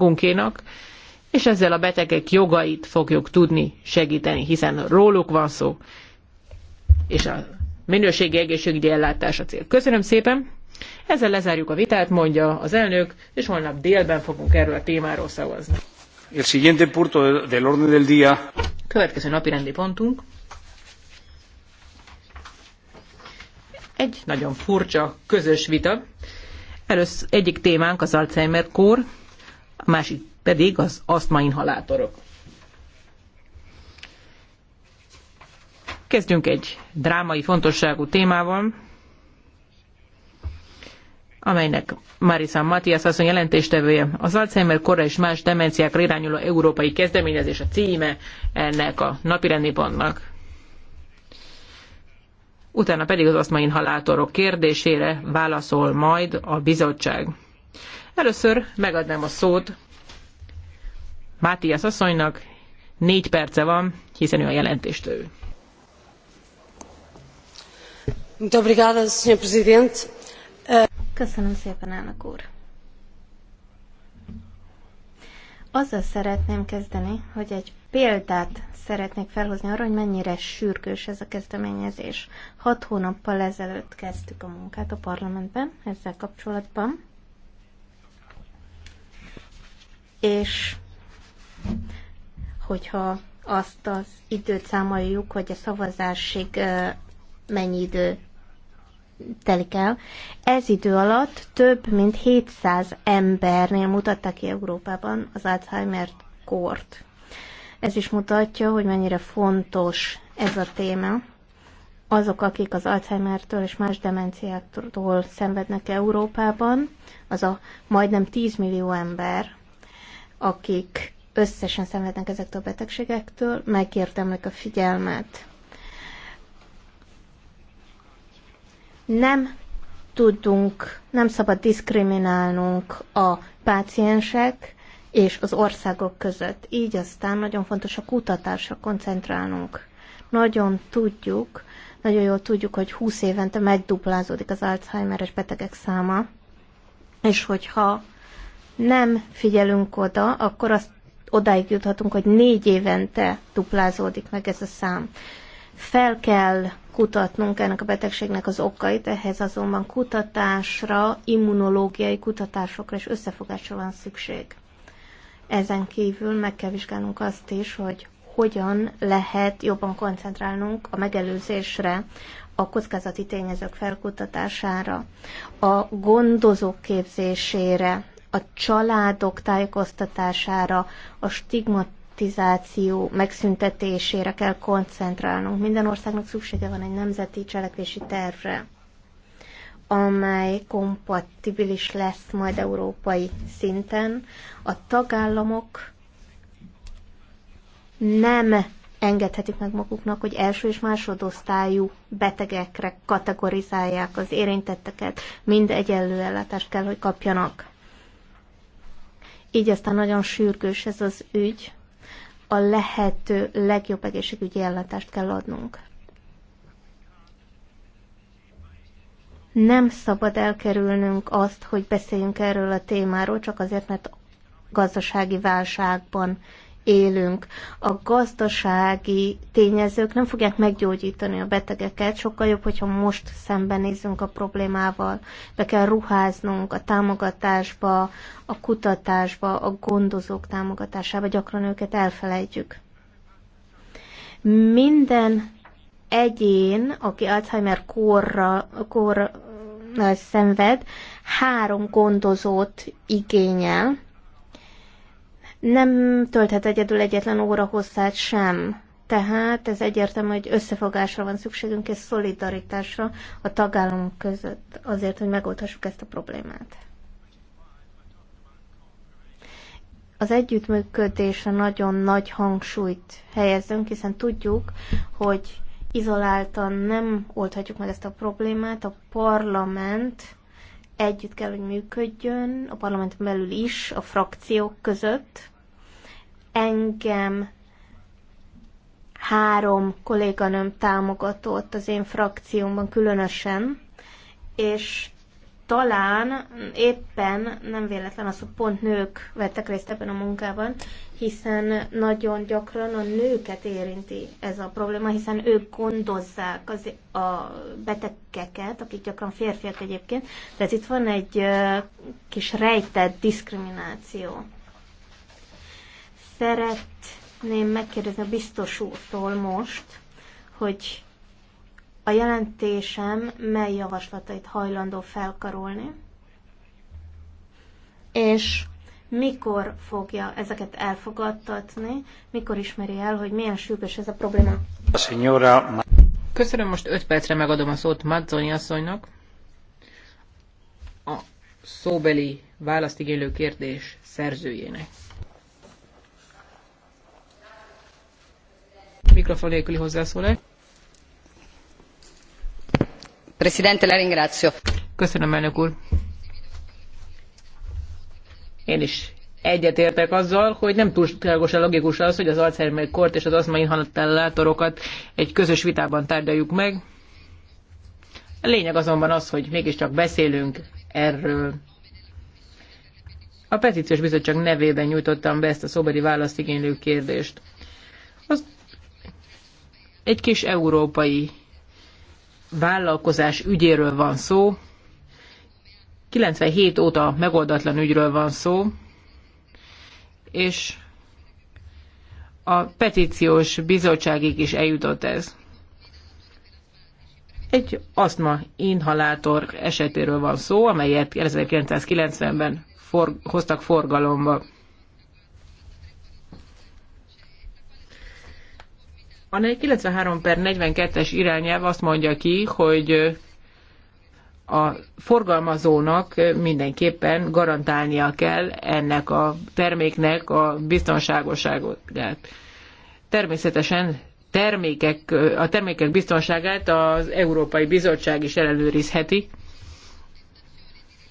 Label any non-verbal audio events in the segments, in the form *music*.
gunkénak, és ezzel a betegek jogait fogjuk tudni segíteni, hiszen róluk van szó, és a minőségi egészségügyi ellátás a cél. Köszönöm szépen! Ezzel lezárjuk a vitát, mondja az elnök, és holnap délben fogunk erről a témáról szavazni. El siguiente punto del orden del día. Következő napi rendi pontunk. Egy nagyon furcsa közös vita. Először egyik témánk az Alzheimer kór, másik pedig az inhalátorok. Kezdjünk egy drámai fontosságú témával, amelynek Marisa Matias asszony jelentéstevője. Az Alzheimer korra és más demenciákra irányuló európai kezdeményezés a címe ennek a napirendi pontnak. Utána pedig az asztmainhalátorok kérdésére válaszol majd a bizottság. Először megadnám a szót Mátias asszonynak, négy perce van, hiszen ő a jelentéstő. Köszönöm szépen, elnök úr. Azzal szeretném kezdeni, hogy egy példát szeretnék felhozni arra, hogy mennyire sürgős ez a kezdeményezés. Hat hónappal ezelőtt kezdtük a munkát a parlamentben ezzel kapcsolatban, és hogyha azt az időt számoljuk, hogy a szavazásig mennyi idő telik el. Ez idő alatt több mint 700 embernél mutatták ki Európában az Alzheimer kort. Ez is mutatja, hogy mennyire fontos ez a téma. Azok, akik az Alzheimer-től és más demenciáktól szenvednek Európában, az a majdnem 10 millió ember, akik összesen szenvednek ezektől a betegségektől, megérdemlik a figyelmet. Nem tudunk, nem szabad diszkriminálnunk a páciensek és az országok között. Így aztán nagyon fontos a kutatásra koncentrálnunk. Nagyon tudjuk, nagyon jól tudjuk, hogy 20 évente megduplázódik az Alzheimeres betegek száma, és hogyha nem figyelünk oda, akkor azt odáig juthatunk, hogy négy évente duplázódik meg ez a szám. Fel kell kutatnunk ennek a betegségnek az okait, ehhez azonban kutatásra, immunológiai kutatásokra és összefogásra van szükség. Ezen kívül meg kell vizsgálnunk azt is, hogy hogyan lehet jobban koncentrálnunk a megelőzésre, a kockázati tényezők felkutatására, a gondozók képzésére, a családok tájékoztatására, a stigmatizáció megszüntetésére kell koncentrálnunk. Minden országnak szüksége van egy nemzeti cselekvési tervre, amely kompatibilis lesz majd európai szinten. A tagállamok nem engedhetik meg maguknak, hogy első és másodosztályú betegekre kategorizálják az érintetteket, mind egyenlő ellátást kell, hogy kapjanak. Így aztán nagyon sürgős ez az ügy, a lehető legjobb egészségügyi ellátást kell adnunk. Nem szabad elkerülnünk azt, hogy beszéljünk erről a témáról, csak azért, mert gazdasági válságban élünk. A gazdasági tényezők nem fogják meggyógyítani a betegeket, sokkal jobb, hogyha most szembenézünk a problémával. Be kell ruháznunk a támogatásba, a kutatásba, a gondozók támogatásába, gyakran őket elfelejtjük. Minden egyén, aki Alzheimer korra, korra szenved, három gondozót igényel, nem tölthet egyedül egyetlen óra hosszát sem. Tehát ez egyértelmű, hogy összefogásra van szükségünk, és szolidaritásra a tagállamok között azért, hogy megoldhassuk ezt a problémát. Az együttműködésre nagyon nagy hangsúlyt helyezünk, hiszen tudjuk, hogy izoláltan nem oldhatjuk meg ezt a problémát. A parlament együtt kell, hogy működjön, a parlament belül is, a frakciók között. Engem három kolléganőm támogatott az én frakciómban különösen, és talán éppen nem véletlen az, hogy pont nők vettek részt ebben a munkában, hiszen nagyon gyakran a nőket érinti ez a probléma, hiszen ők gondozzák az, a betegeket, akik gyakran férfiak egyébként, tehát itt van egy kis rejtett diszkrimináció. Szeretném megkérdezni a biztos úrtól most, hogy a jelentésem mely javaslatait hajlandó felkarolni, és mikor fogja ezeket elfogadtatni, mikor ismeri el, hogy milyen sürgős ez a probléma. A senyora... Köszönöm, most 5 percre megadom a szót Madzoni asszonynak. A szóbeli választigélő kérdés szerzőjének. Mikrofon nélküli hozzászólás. Köszönöm, Én is egyetértek azzal, hogy nem túlságosan logikus az, hogy az Alzheimer kort és az aszma inhalátorokat egy közös vitában tárgyaljuk meg. A lényeg azonban az, hogy mégiscsak beszélünk erről. A petíciós bizottság nevében nyújtottam be ezt a szobori igénylő kérdést. Az egy kis európai vállalkozás ügyéről van szó. 97 óta megoldatlan ügyről van szó, és a petíciós bizottságig is eljutott ez. Egy asztma inhalátor esetéről van szó, amelyet 1990-ben for, hoztak forgalomba. A 93 per 42-es irányelv azt mondja ki, hogy a forgalmazónak mindenképpen garantálnia kell ennek a terméknek a biztonságosságát. Természetesen termékek, a termékek biztonságát az Európai Bizottság is ellenőrizheti,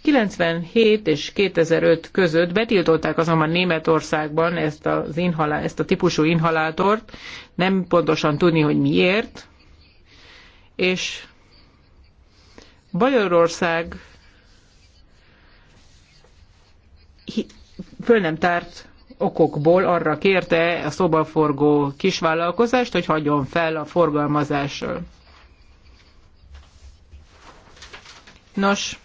97 és 2005 között betiltották azonban Németországban ezt, az inhalá, ezt a típusú inhalátort, nem pontosan tudni, hogy miért, és Bajorország föl nem tárt okokból arra kérte a szobaforgó kisvállalkozást, hogy hagyjon fel a forgalmazásról. Nos,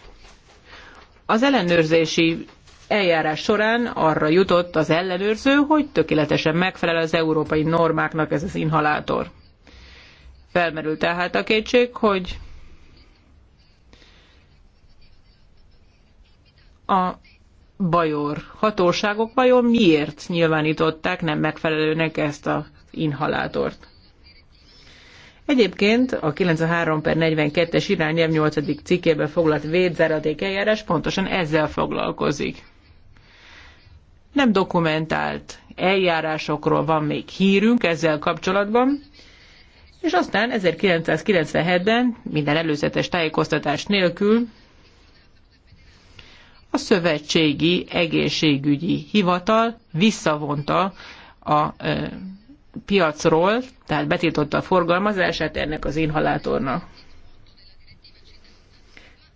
az ellenőrzési eljárás során arra jutott az ellenőrző, hogy tökéletesen megfelel az európai normáknak ez az inhalátor. Felmerült tehát a kétség, hogy a bajor hatóságok vajon miért nyilvánították nem megfelelőnek ezt az inhalátort. Egyébként a 93 per 42-es irányelv 8. cikkében foglalt védzáradék eljárás pontosan ezzel foglalkozik. Nem dokumentált eljárásokról van még hírünk ezzel kapcsolatban, és aztán 1997-ben minden előzetes tájékoztatás nélkül a Szövetségi Egészségügyi Hivatal visszavonta a piacról, tehát betiltotta a forgalmazását ennek az inhalátornak.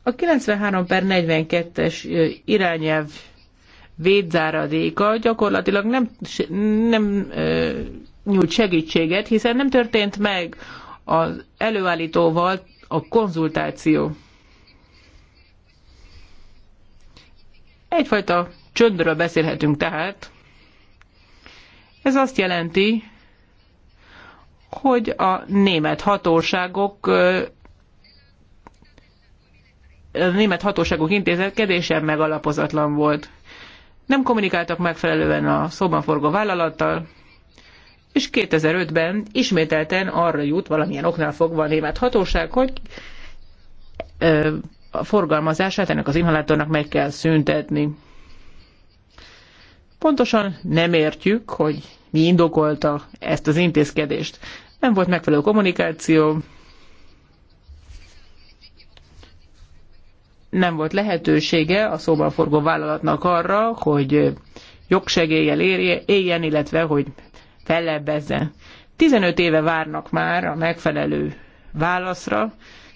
A 93 per 42-es irányelv védzáradéka gyakorlatilag nem, nem ö, nyújt segítséget, hiszen nem történt meg az előállítóval a konzultáció. Egyfajta csöndről beszélhetünk tehát. Ez azt jelenti, hogy a német hatóságok a német hatóságok intézkedése megalapozatlan volt. Nem kommunikáltak megfelelően a szóban forgó vállalattal, és 2005-ben ismételten arra jut valamilyen oknál fogva a német hatóság, hogy a forgalmazását ennek az inhalátornak meg kell szüntetni. Pontosan nem értjük, hogy mi indokolta ezt az intézkedést. Nem volt megfelelő kommunikáció, nem volt lehetősége a szóban forgó vállalatnak arra, hogy jogsegéllyel érje, éljen, illetve hogy fellebbezzen. 15 éve várnak már a megfelelő válaszra,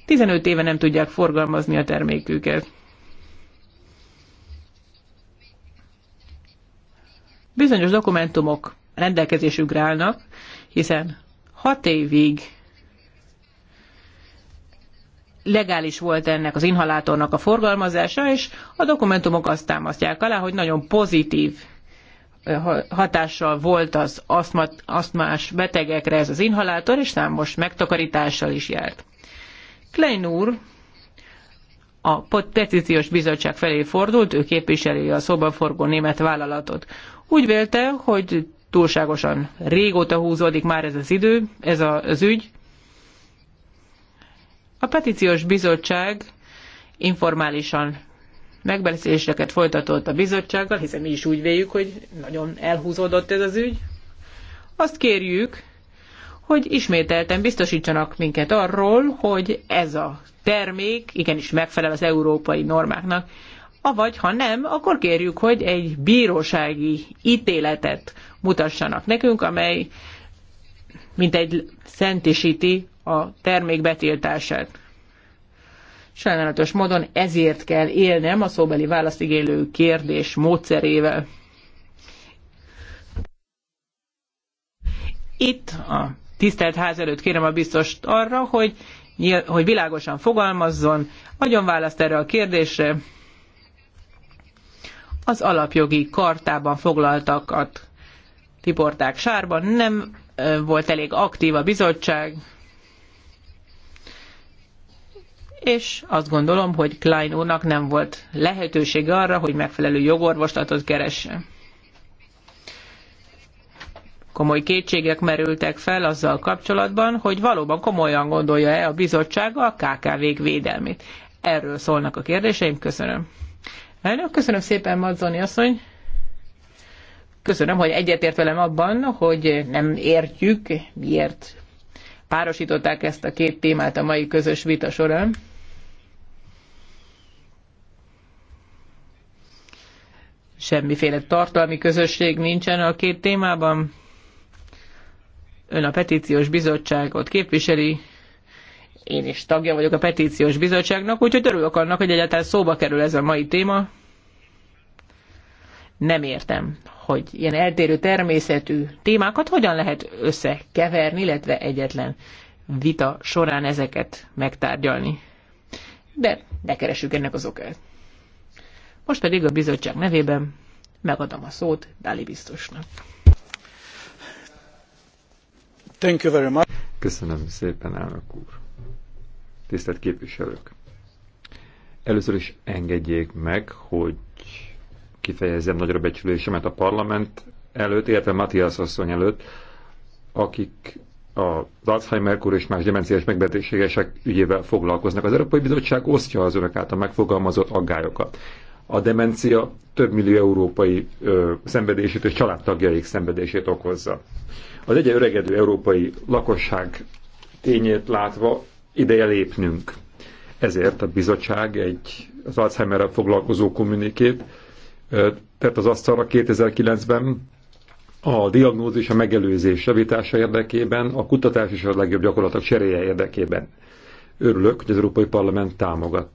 15 éve nem tudják forgalmazni a terméküket. Bizonyos dokumentumok rendelkezésükre állnak, hiszen hat évig legális volt ennek az inhalátornak a forgalmazása, és a dokumentumok azt támasztják alá, hogy nagyon pozitív eh, hatással volt az asztmás betegekre ez az inhalátor, és számos megtakarítással is járt. Klein úr a petíciós bizottság felé fordult, ő képviseli a szobaforgó német vállalatot. Úgy vélte, hogy túlságosan régóta húzódik már ez az idő, ez a, az ügy. A petíciós bizottság informálisan megbeszéléseket folytatott a bizottsággal, hiszen mi is úgy véljük, hogy nagyon elhúzódott ez az ügy. Azt kérjük, hogy ismételten biztosítsanak minket arról, hogy ez a termék igenis megfelel az európai normáknak, avagy ha nem, akkor kérjük, hogy egy bírósági ítéletet mutassanak nekünk, amely mint egy szentisíti a termék betiltását. Sajnálatos módon ezért kell élnem a szóbeli válaszigélő kérdés módszerével. Itt a tisztelt ház előtt kérem a biztost arra, hogy, hogy világosan fogalmazzon, nagyon választ erre a kérdésre, az alapjogi kartában foglaltakat tiporták sárban nem volt elég aktív a bizottság, és azt gondolom, hogy Klein úrnak nem volt lehetősége arra, hogy megfelelő jogorvoslatot keresse. Komoly kétségek merültek fel azzal kapcsolatban, hogy valóban komolyan gondolja-e a bizottság a kkv védelmét. Erről szólnak a kérdéseim, köszönöm. Elnök, köszönöm szépen, Madzoni asszony. Köszönöm, hogy egyetért velem abban, hogy nem értjük, miért párosították ezt a két témát a mai közös vita során. Semmiféle tartalmi közösség nincsen a két témában. Ön a petíciós bizottságot képviseli, én is tagja vagyok a petíciós bizottságnak, úgyhogy örülök annak, hogy egyáltalán szóba kerül ez a mai téma. Nem értem, hogy ilyen eltérő természetű témákat hogyan lehet összekeverni, illetve egyetlen vita során ezeket megtárgyalni. De ne keresjük ennek az okát. Most pedig a bizottság nevében megadom a szót Dali biztosnak. Thank you very much. Köszönöm szépen, elnök úr. Tisztelt képviselők! Először is engedjék meg, hogy kifejezem nagyra becsülésemet a parlament előtt, illetve Matthias asszony előtt, akik az Alzheimer kor és más demenciás megbetegségesek ügyével foglalkoznak. Az Európai Bizottság osztja az önök által megfogalmazott aggályokat. A demencia több millió európai ö, szenvedését és családtagjaik szenvedését okozza. Az egyre öregedő európai lakosság tényét látva ideje lépnünk. Ezért a bizottság egy az Alzheimer-rel foglalkozó kommunikét tett az asztalra 2009-ben a diagnózis, a megelőzés javítása érdekében, a kutatás és a legjobb gyakorlatok cseréje érdekében. Örülök, hogy az Európai Parlament támogatta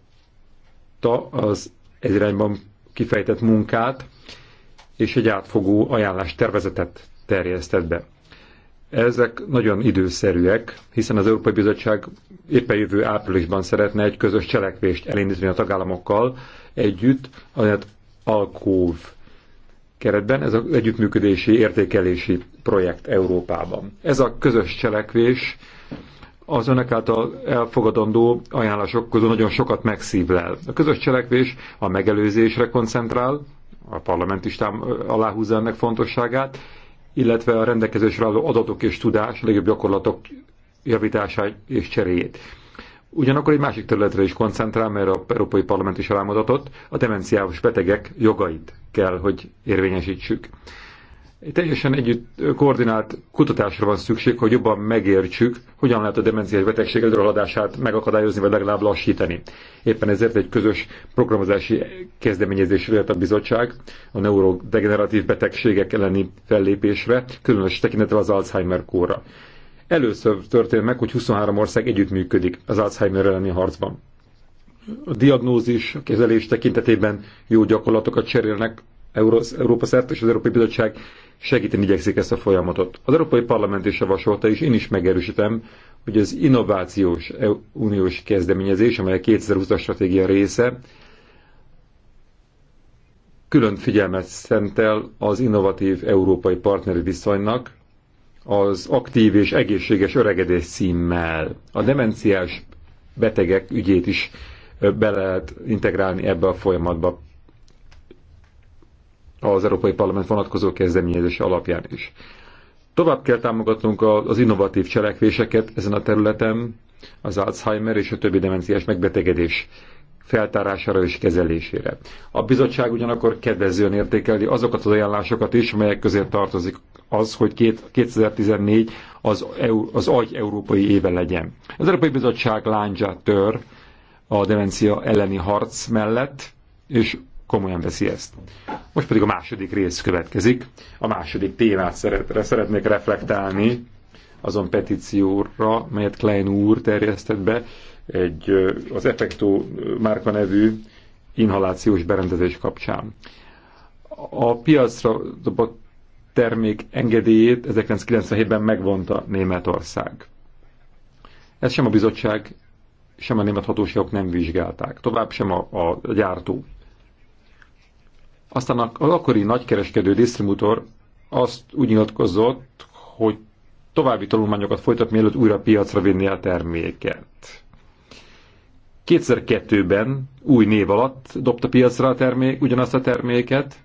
az ez irányban kifejtett munkát, és egy átfogó ajánlás tervezetet terjesztett be. Ezek nagyon időszerűek, hiszen az Európai Bizottság éppen jövő áprilisban szeretne egy közös cselekvést elindítani a tagállamokkal együtt, amelyet Alkóv keretben, ez az együttműködési értékelési projekt Európában. Ez a közös cselekvés az önök által elfogadandó ajánlások közül nagyon sokat megszívlel. A közös cselekvés a megelőzésre koncentrál, a parlament is tám aláhúzza ennek fontosságát, illetve a rendelkezésre álló adatok és tudás, legjobb gyakorlatok javítását és cseréjét. Ugyanakkor egy másik területre is koncentrál, mert a Európai Parlament is rámutatott, a demenciás betegek jogait kell, hogy érvényesítsük. Teljesen együtt koordinált kutatásra van szükség, hogy jobban megértsük, hogyan lehet a demenciás betegség előrehaladását megakadályozni, vagy legalább lassítani. Éppen ezért egy közös programozási kezdeményezésre lehet a bizottság a neurodegeneratív betegségek elleni fellépésre, különös tekintettel az Alzheimer kóra. Először történt meg, hogy 23 ország együttműködik az Alzheimer elleni harcban. A diagnózis, a kezelés tekintetében jó gyakorlatokat cserélnek Európa szerte, és az Európai Bizottság segíteni igyekszik ezt a folyamatot. Az Európai Parlament is javasolta, és én is megerősítem, hogy az innovációs e- uniós kezdeményezés, amely a 2020-as stratégia része, külön figyelmet szentel az innovatív európai partneri viszonynak, az aktív és egészséges öregedés címmel. A demenciás betegek ügyét is be lehet integrálni ebbe a folyamatba az Európai Parlament vonatkozó kezdeményezése alapján is. Tovább kell támogatnunk az innovatív cselekvéseket ezen a területen, az Alzheimer és a többi demenciás megbetegedés feltárására és kezelésére. A bizottság ugyanakkor kedvezően értékeli azokat az ajánlásokat is, melyek közé tartozik az, hogy 2014 az, EU, az agy európai éve legyen. Az Európai Bizottság lándzsát tör a demencia elleni harc mellett, és komolyan veszi ezt. Most pedig a második rész következik. A második témát szeretre szeretnék reflektálni azon petícióra, melyet Klein úr terjesztett be, egy, az Effecto márka nevű inhalációs berendezés kapcsán. A piacra dobott termék engedélyét 1997-ben megvonta Németország. Ezt sem a bizottság, sem a német hatóságok nem vizsgálták, tovább sem a, a gyártó. Aztán az akkori nagykereskedő disztribútor azt úgy nyilatkozott, hogy további tanulmányokat folytat, mielőtt újra piacra vinni a terméket. 2002-ben új név alatt dobta piacra a termék, ugyanazt a terméket,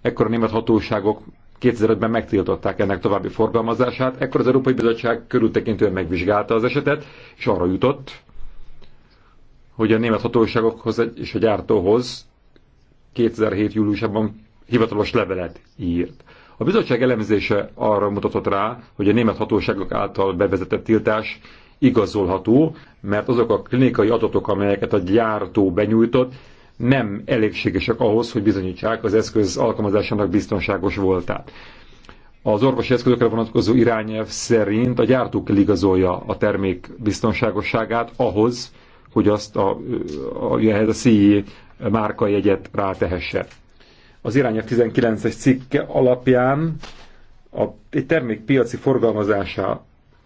ekkor a német hatóságok 2005-ben megtiltották ennek további forgalmazását, ekkor az Európai Bizottság körültekintően megvizsgálta az esetet, és arra jutott, hogy a német hatóságokhoz és a gyártóhoz 2007. júliusában hivatalos levelet írt. A bizottság elemzése arra mutatott rá, hogy a német hatóságok által bevezetett tiltás igazolható, mert azok a klinikai adatok, amelyeket a gyártó benyújtott, nem elégségesek ahhoz, hogy bizonyítsák az eszköz alkalmazásának biztonságos voltát. Az orvosi eszközökre vonatkozó irányelv szerint a gyártó kell igazolja a termék biztonságosságát ahhoz, hogy azt a, a, a, a CIE márkajegyet rátehesse. Az irányelv 19-es cikke alapján a, egy termék piaci forgalmazása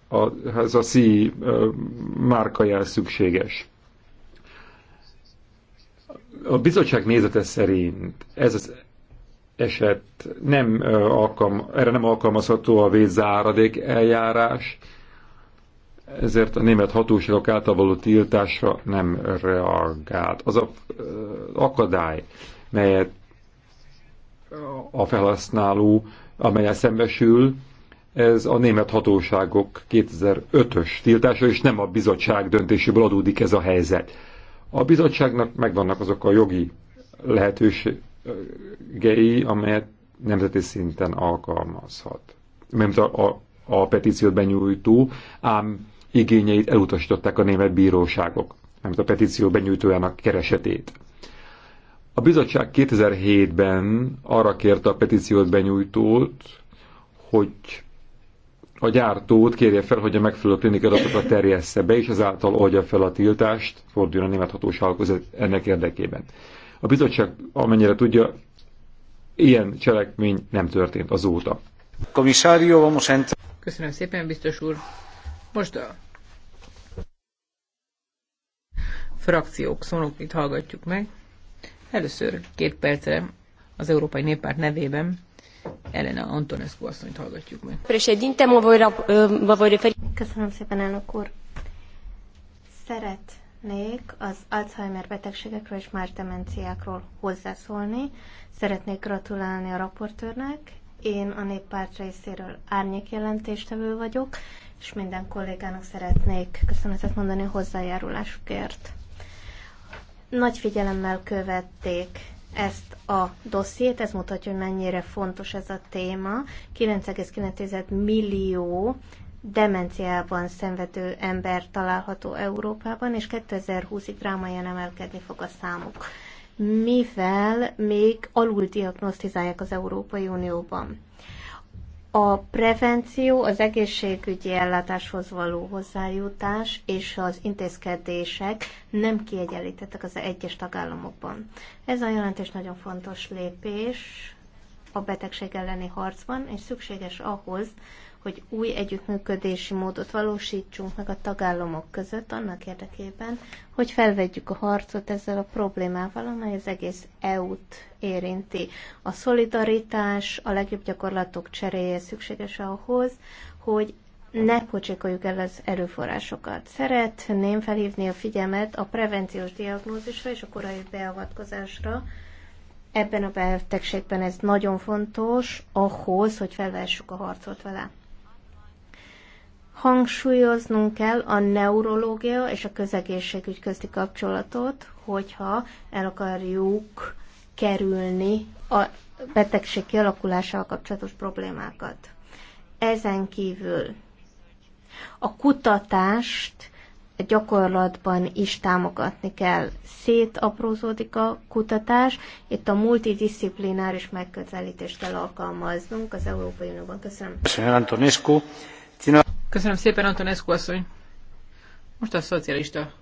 a, ez a CIE márkajel szükséges a bizottság nézete szerint ez az eset nem alkalm, erre nem alkalmazható a vészáradék eljárás, ezért a német hatóságok által való tiltásra nem reagált. Az a akadály, melyet a felhasználó, amelyel szembesül, ez a német hatóságok 2005-ös tiltása, és nem a bizottság döntéséből adódik ez a helyzet. A bizottságnak megvannak azok a jogi lehetőségei, amelyet nemzeti szinten alkalmazhat. Mert a, a, a petíciót benyújtó, ám igényeit elutasították a német bíróságok, mert a petíció benyújtójának keresetét. A bizottság 2007-ben arra kérte a petíciót benyújtót, hogy a gyártót kérje fel, hogy a megfelelő klinikai adatokat terjessze be, és ezáltal oldja fel a tiltást, forduljon a német hatóságokhoz ennek érdekében. A bizottság, amennyire tudja, ilyen cselekmény nem történt azóta. Komisárió, Köszönöm szépen, biztos úr. Most a frakciók itt hallgatjuk meg. Először két percre az Európai Néppárt nevében Elena Antonescu asszonyt hallgatjuk meg. Președinte, mă voi referi... Köszönöm szépen, elnök úr. Szeretnék az Alzheimer betegségekről és más demenciákról hozzászólni. Szeretnék gratulálni a raportőrnek. Én a néppárt részéről árnyék jelentéstevő vagyok, és minden kollégának szeretnék köszönetet mondani a hozzájárulásukért. Nagy figyelemmel követték ezt a dossziét, ez mutatja, hogy mennyire fontos ez a téma. 9,9 millió demenciában szenvedő ember található Európában, és 2020-ig drámaian emelkedni fog a számuk, mivel még alul diagnosztizálják az Európai Unióban. A prevenció, az egészségügyi ellátáshoz való hozzájutás és az intézkedések nem kiegyenlítettek az egyes tagállamokban. Ez a jelentés nagyon fontos lépés a betegség elleni harcban, és szükséges ahhoz, hogy új együttműködési módot valósítsunk meg a tagállamok között annak érdekében, hogy felvegyük a harcot ezzel a problémával, amely az egész EU-t érinti. A szolidaritás, a legjobb gyakorlatok cseréje szükséges ahhoz, hogy ne pocsékoljuk el az erőforrásokat. Szeretném felhívni a figyelmet a prevenciós diagnózisra és a korai beavatkozásra. Ebben a betegségben ez nagyon fontos ahhoz, hogy felvessük a harcot vele hangsúlyoznunk kell a neurológia és a közegészségügy közti kapcsolatot, hogyha el akarjuk kerülni a betegség kialakulással kapcsolatos problémákat. Ezen kívül a kutatást gyakorlatban is támogatni kell. Szétaprózódik a kutatás, itt a multidisziplináris megközelítést kell alkalmaznunk az Európai Unióban. Köszönöm. Köszönöm, Antonescu. Köszönöm szépen, Antonescu asszony. Most a szocialista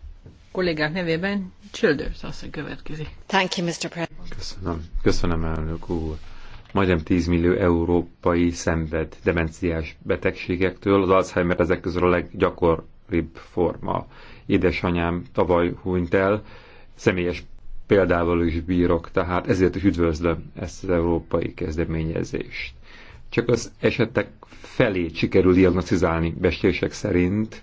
kollégák nevében Childers asszony következik. Thank you, Mr. President. Köszönöm. Köszönöm, elnök úr. Majdnem 10 millió európai szenved demenciás betegségektől, az Alzheimer ezek közül a leggyakoribb forma. Édesanyám tavaly hunyt el, személyes példával is bírok, tehát ezért is üdvözlöm ezt az európai kezdeményezést csak az esetek felét sikerül diagnosztizálni beszélések szerint,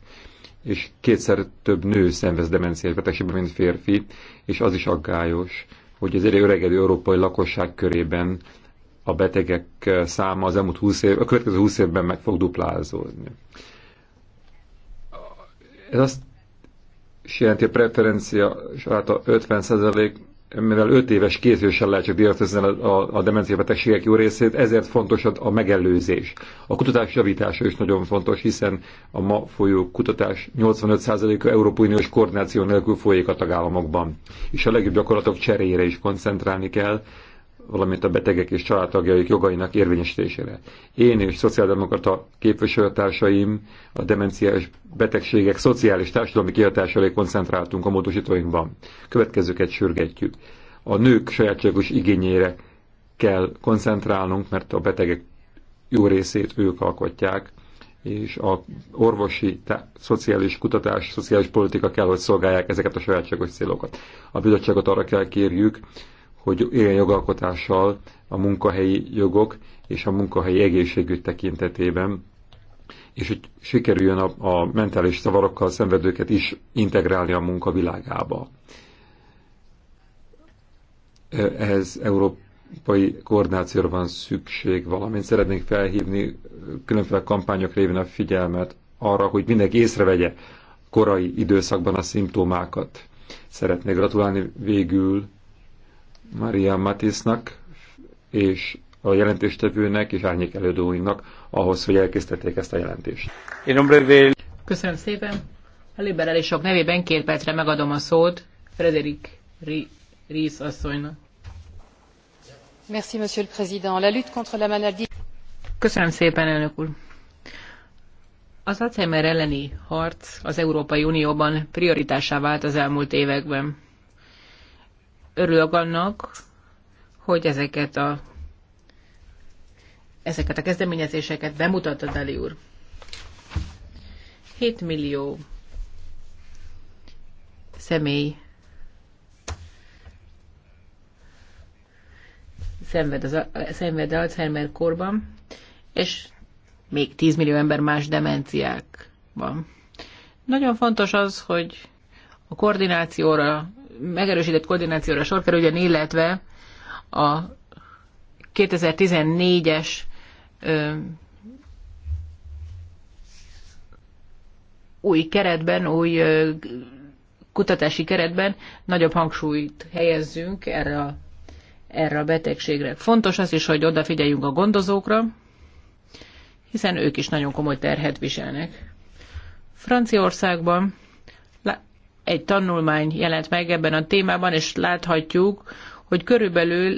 és kétszer több nő szenvez demenciás betegségben, mint férfi, és az is aggályos, hogy az egyre öregedő európai lakosság körében a betegek száma az elmúlt 20 év, a következő 20 évben meg fog duplázódni. Ez azt jelenti a preferencia ráta 50% mivel 5 éves kézősen lehet csak diagnosztizni a, a demencia betegségek jó részét, ezért fontos a, a megelőzés. A kutatás javítása is nagyon fontos, hiszen a ma folyó kutatás 85%-a Európai Uniós koordináció nélkül folyik a tagállamokban. És a legjobb gyakorlatok cseréjére is koncentrálni kell, valamint a betegek és családtagjaik jogainak érvényesítésére. Én és szociáldemokrata képviselőtársaim a demenciás betegségek szociális társadalmi kihatására koncentráltunk a módosítóinkban. Következőket sürgetjük. A nők sajátságos igényére kell koncentrálnunk, mert a betegek jó részét ők alkotják, és a orvosi, tá- szociális kutatás, szociális politika kell, hogy szolgálják ezeket a sajátságos célokat. A bizottságot arra kell kérjük, hogy ilyen jogalkotással a munkahelyi jogok és a munkahelyi egészségügy tekintetében, és hogy sikerüljön a, a mentális szavarokkal szenvedőket is integrálni a munka világába. Ehhez európai koordinációra van szükség, valamint szeretnénk felhívni különféle kampányok révén a figyelmet arra, hogy mindenki észrevegye korai időszakban a szimptomákat. Szeretnék gratulálni végül Maria Matisznak és a jelentéstevőnek és árnyék előadóinak ahhoz, hogy elkészítették ezt a jelentést. Köszönöm szépen. A liberálisok nevében két percre megadom a szót Frederik Ries asszonynak. Merci, monsieur le président. La lutte contre la maladie... Köszönöm szépen, elnök úr. Az Alzheimer elleni harc az Európai Unióban prioritásá vált az elmúlt években. Örülök annak, hogy ezeket a, ezeket a kezdeményezéseket bemutatta Dali úr. 7 millió személy szenved, az, szenved Alzheimer korban, és még 10 millió ember más demenciákban. Nagyon fontos az, hogy a koordinációra megerősített koordinációra sor kerüljön, illetve a 2014-es új keretben, új kutatási keretben nagyobb hangsúlyt helyezzünk erre a, erre a betegségre. Fontos az is, hogy odafigyeljünk a gondozókra, hiszen ők is nagyon komoly terhet viselnek. Franciaországban egy tanulmány jelent meg ebben a témában, és láthatjuk, hogy körülbelül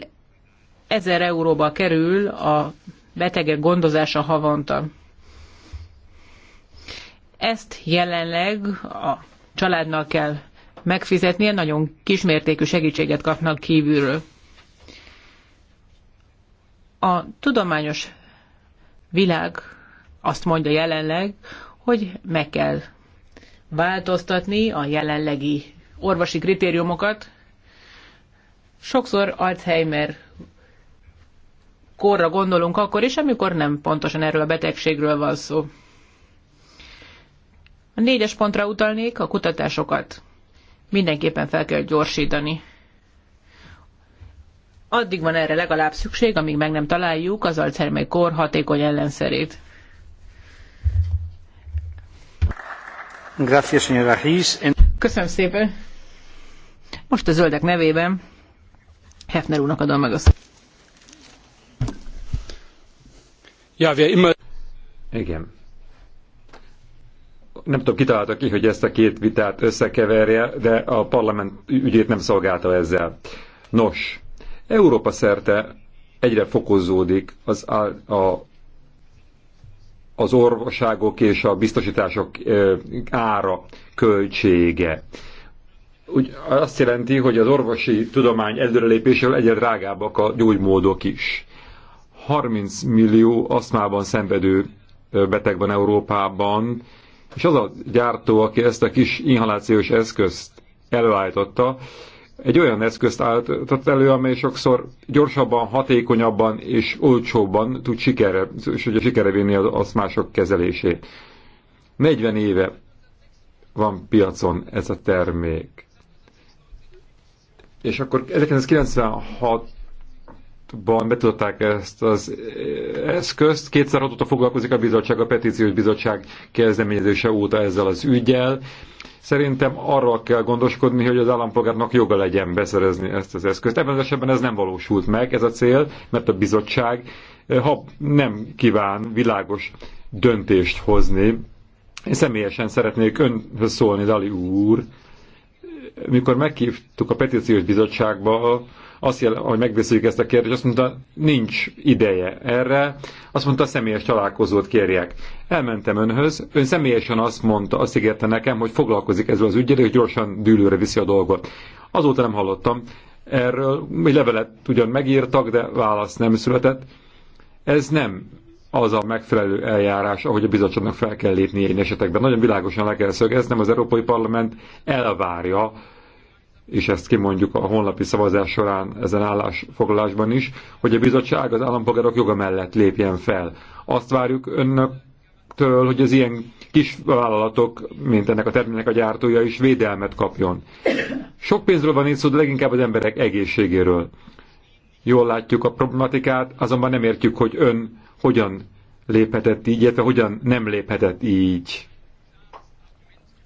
1000 euróba kerül a betegek gondozása havonta. Ezt jelenleg a családnak kell megfizetnie, nagyon kismértékű segítséget kapnak kívülről. A tudományos világ azt mondja jelenleg, hogy meg kell változtatni a jelenlegi orvosi kritériumokat. Sokszor Alzheimer korra gondolunk akkor is, amikor nem pontosan erről a betegségről van szó. A négyes pontra utalnék a kutatásokat. Mindenképpen fel kell gyorsítani. Addig van erre legalább szükség, amíg meg nem találjuk az Alzheimer kor hatékony ellenszerét. Köszönöm szépen. Most a zöldek nevében Hefner úrnak adom meg a szót. Ja, Igen. Nem tudom, kitalálta ki, hogy ezt a két vitát összekeverje, de a parlament ügyét nem szolgálta ezzel. Nos, Európa szerte egyre fokozódik az a, a az orvoságok és a biztosítások ára, költsége. Úgy, azt jelenti, hogy az orvosi tudomány előrelépésével egyre drágábbak a gyógymódok is. 30 millió aszmában szenvedő beteg van Európában, és az a gyártó, aki ezt a kis inhalációs eszközt előállította, egy olyan eszközt állított elő, amely sokszor gyorsabban, hatékonyabban és olcsóbban tud sikerre, és sikerre vinni az mások kezelését. 40 éve van piacon ez a termék. És akkor 1996-ban betudták ezt az eh, eszközt. 2006 óta foglalkozik a bizottság, a petíciós bizottság kezdeményezése óta ezzel az ügyel. Szerintem arról kell gondoskodni, hogy az állampolgárnak joga legyen beszerezni ezt az eszközt. Ebben az esetben ez nem valósult meg, ez a cél, mert a bizottság eh, ha nem kíván világos döntést hozni. Én személyesen szeretnék önhöz szólni, Dali úr, mikor meghívtuk a petíciós bizottságba, azt jel, hogy megbeszéljük ezt a kérdést, azt mondta, nincs ideje erre, azt mondta, személyes találkozót kérjek. Elmentem önhöz, ön személyesen azt mondta, azt ígérte nekem, hogy foglalkozik ezzel az ügyel, és gyorsan dűlőre viszi a dolgot. Azóta nem hallottam erről, egy levelet ugyan megírtak, de válasz nem született. Ez nem az a megfelelő eljárás, ahogy a bizottságnak fel kell lépni ilyen esetekben. Nagyon világosan le kell szögeznem, az Európai Parlament elvárja, és ezt kimondjuk a honlapi szavazás során ezen állásfoglalásban is, hogy a bizottság az állampolgárok joga mellett lépjen fel. Azt várjuk önöktől, hogy az ilyen kis vállalatok, mint ennek a terminek a gyártója is védelmet kapjon. Sok pénzről van itt szó, de leginkább az emberek egészségéről. Jól látjuk a problematikát, azonban nem értjük, hogy ön hogyan léphetett így, illetve hogyan nem léphetett így.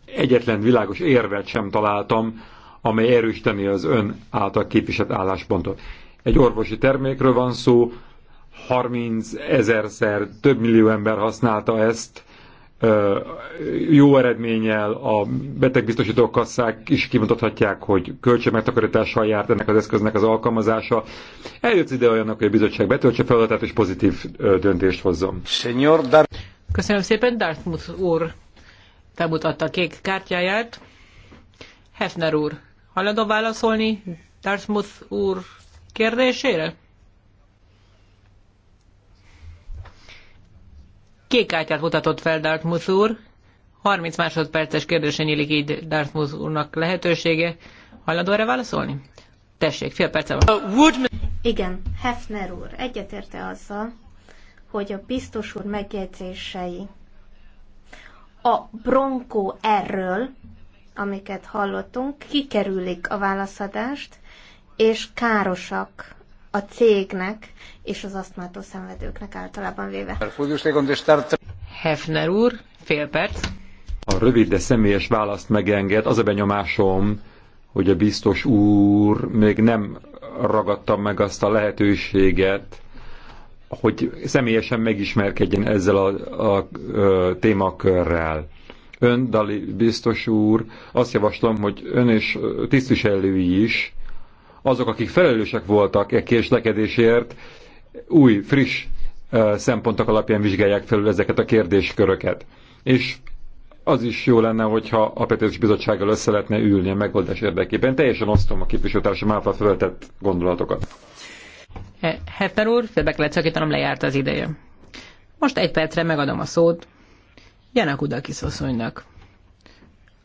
Egyetlen világos érvet sem találtam, amely erősíteni az ön által képviselt álláspontot. Egy orvosi termékről van szó, 30 ezerszer több millió ember használta ezt, jó eredménnyel a betegbiztosító kasszák is kimutathatják, hogy költségmegtakarítással járt ennek az eszköznek az alkalmazása. Eljött ide olyannak, hogy a bizottság betöltse feladatát és pozitív döntést hozzon. Köszönöm szépen, Dartmouth úr felmutatta a kék kártyáját. Hefner úr, hajlandó válaszolni Dartmouth úr kérdésére? Kék kártyát mutatott fel Dartmouth úr. 30 másodperces kérdésen nyílik így Dartmouth úrnak lehetősége. Hajlandó erre válaszolni? Tessék, fél perce van. Uh, Igen, Hefner úr egyetérte azzal, hogy a biztos úr megjegyzései a bronkó erről, amiket hallottunk, kikerülik a válaszadást, és károsak a cégnek és az asztmától szenvedőknek általában véve. Hefner úr, fél perc. A rövid, de személyes választ megenged. Az a benyomásom, hogy a biztos úr még nem ragadta meg azt a lehetőséget, hogy személyesen megismerkedjen ezzel a, a, a témakörrel. Ön, Dali biztos úr, azt javaslom, hogy ön és tisztviselői is azok, akik felelősek voltak e késlekedésért, új, friss e, szempontok alapján vizsgálják felül ezeket a kérdésköröket. És az is jó lenne, hogyha a petíciós bizottsággal össze lehetne ülni a megoldás érdekében. Teljesen osztom a képviselőtársam által feltett gondolatokat. Hefner úr, félbe kellett szakítanom, lejárt az ideje. Most egy percre megadom a szót Janak Udakis asszonynak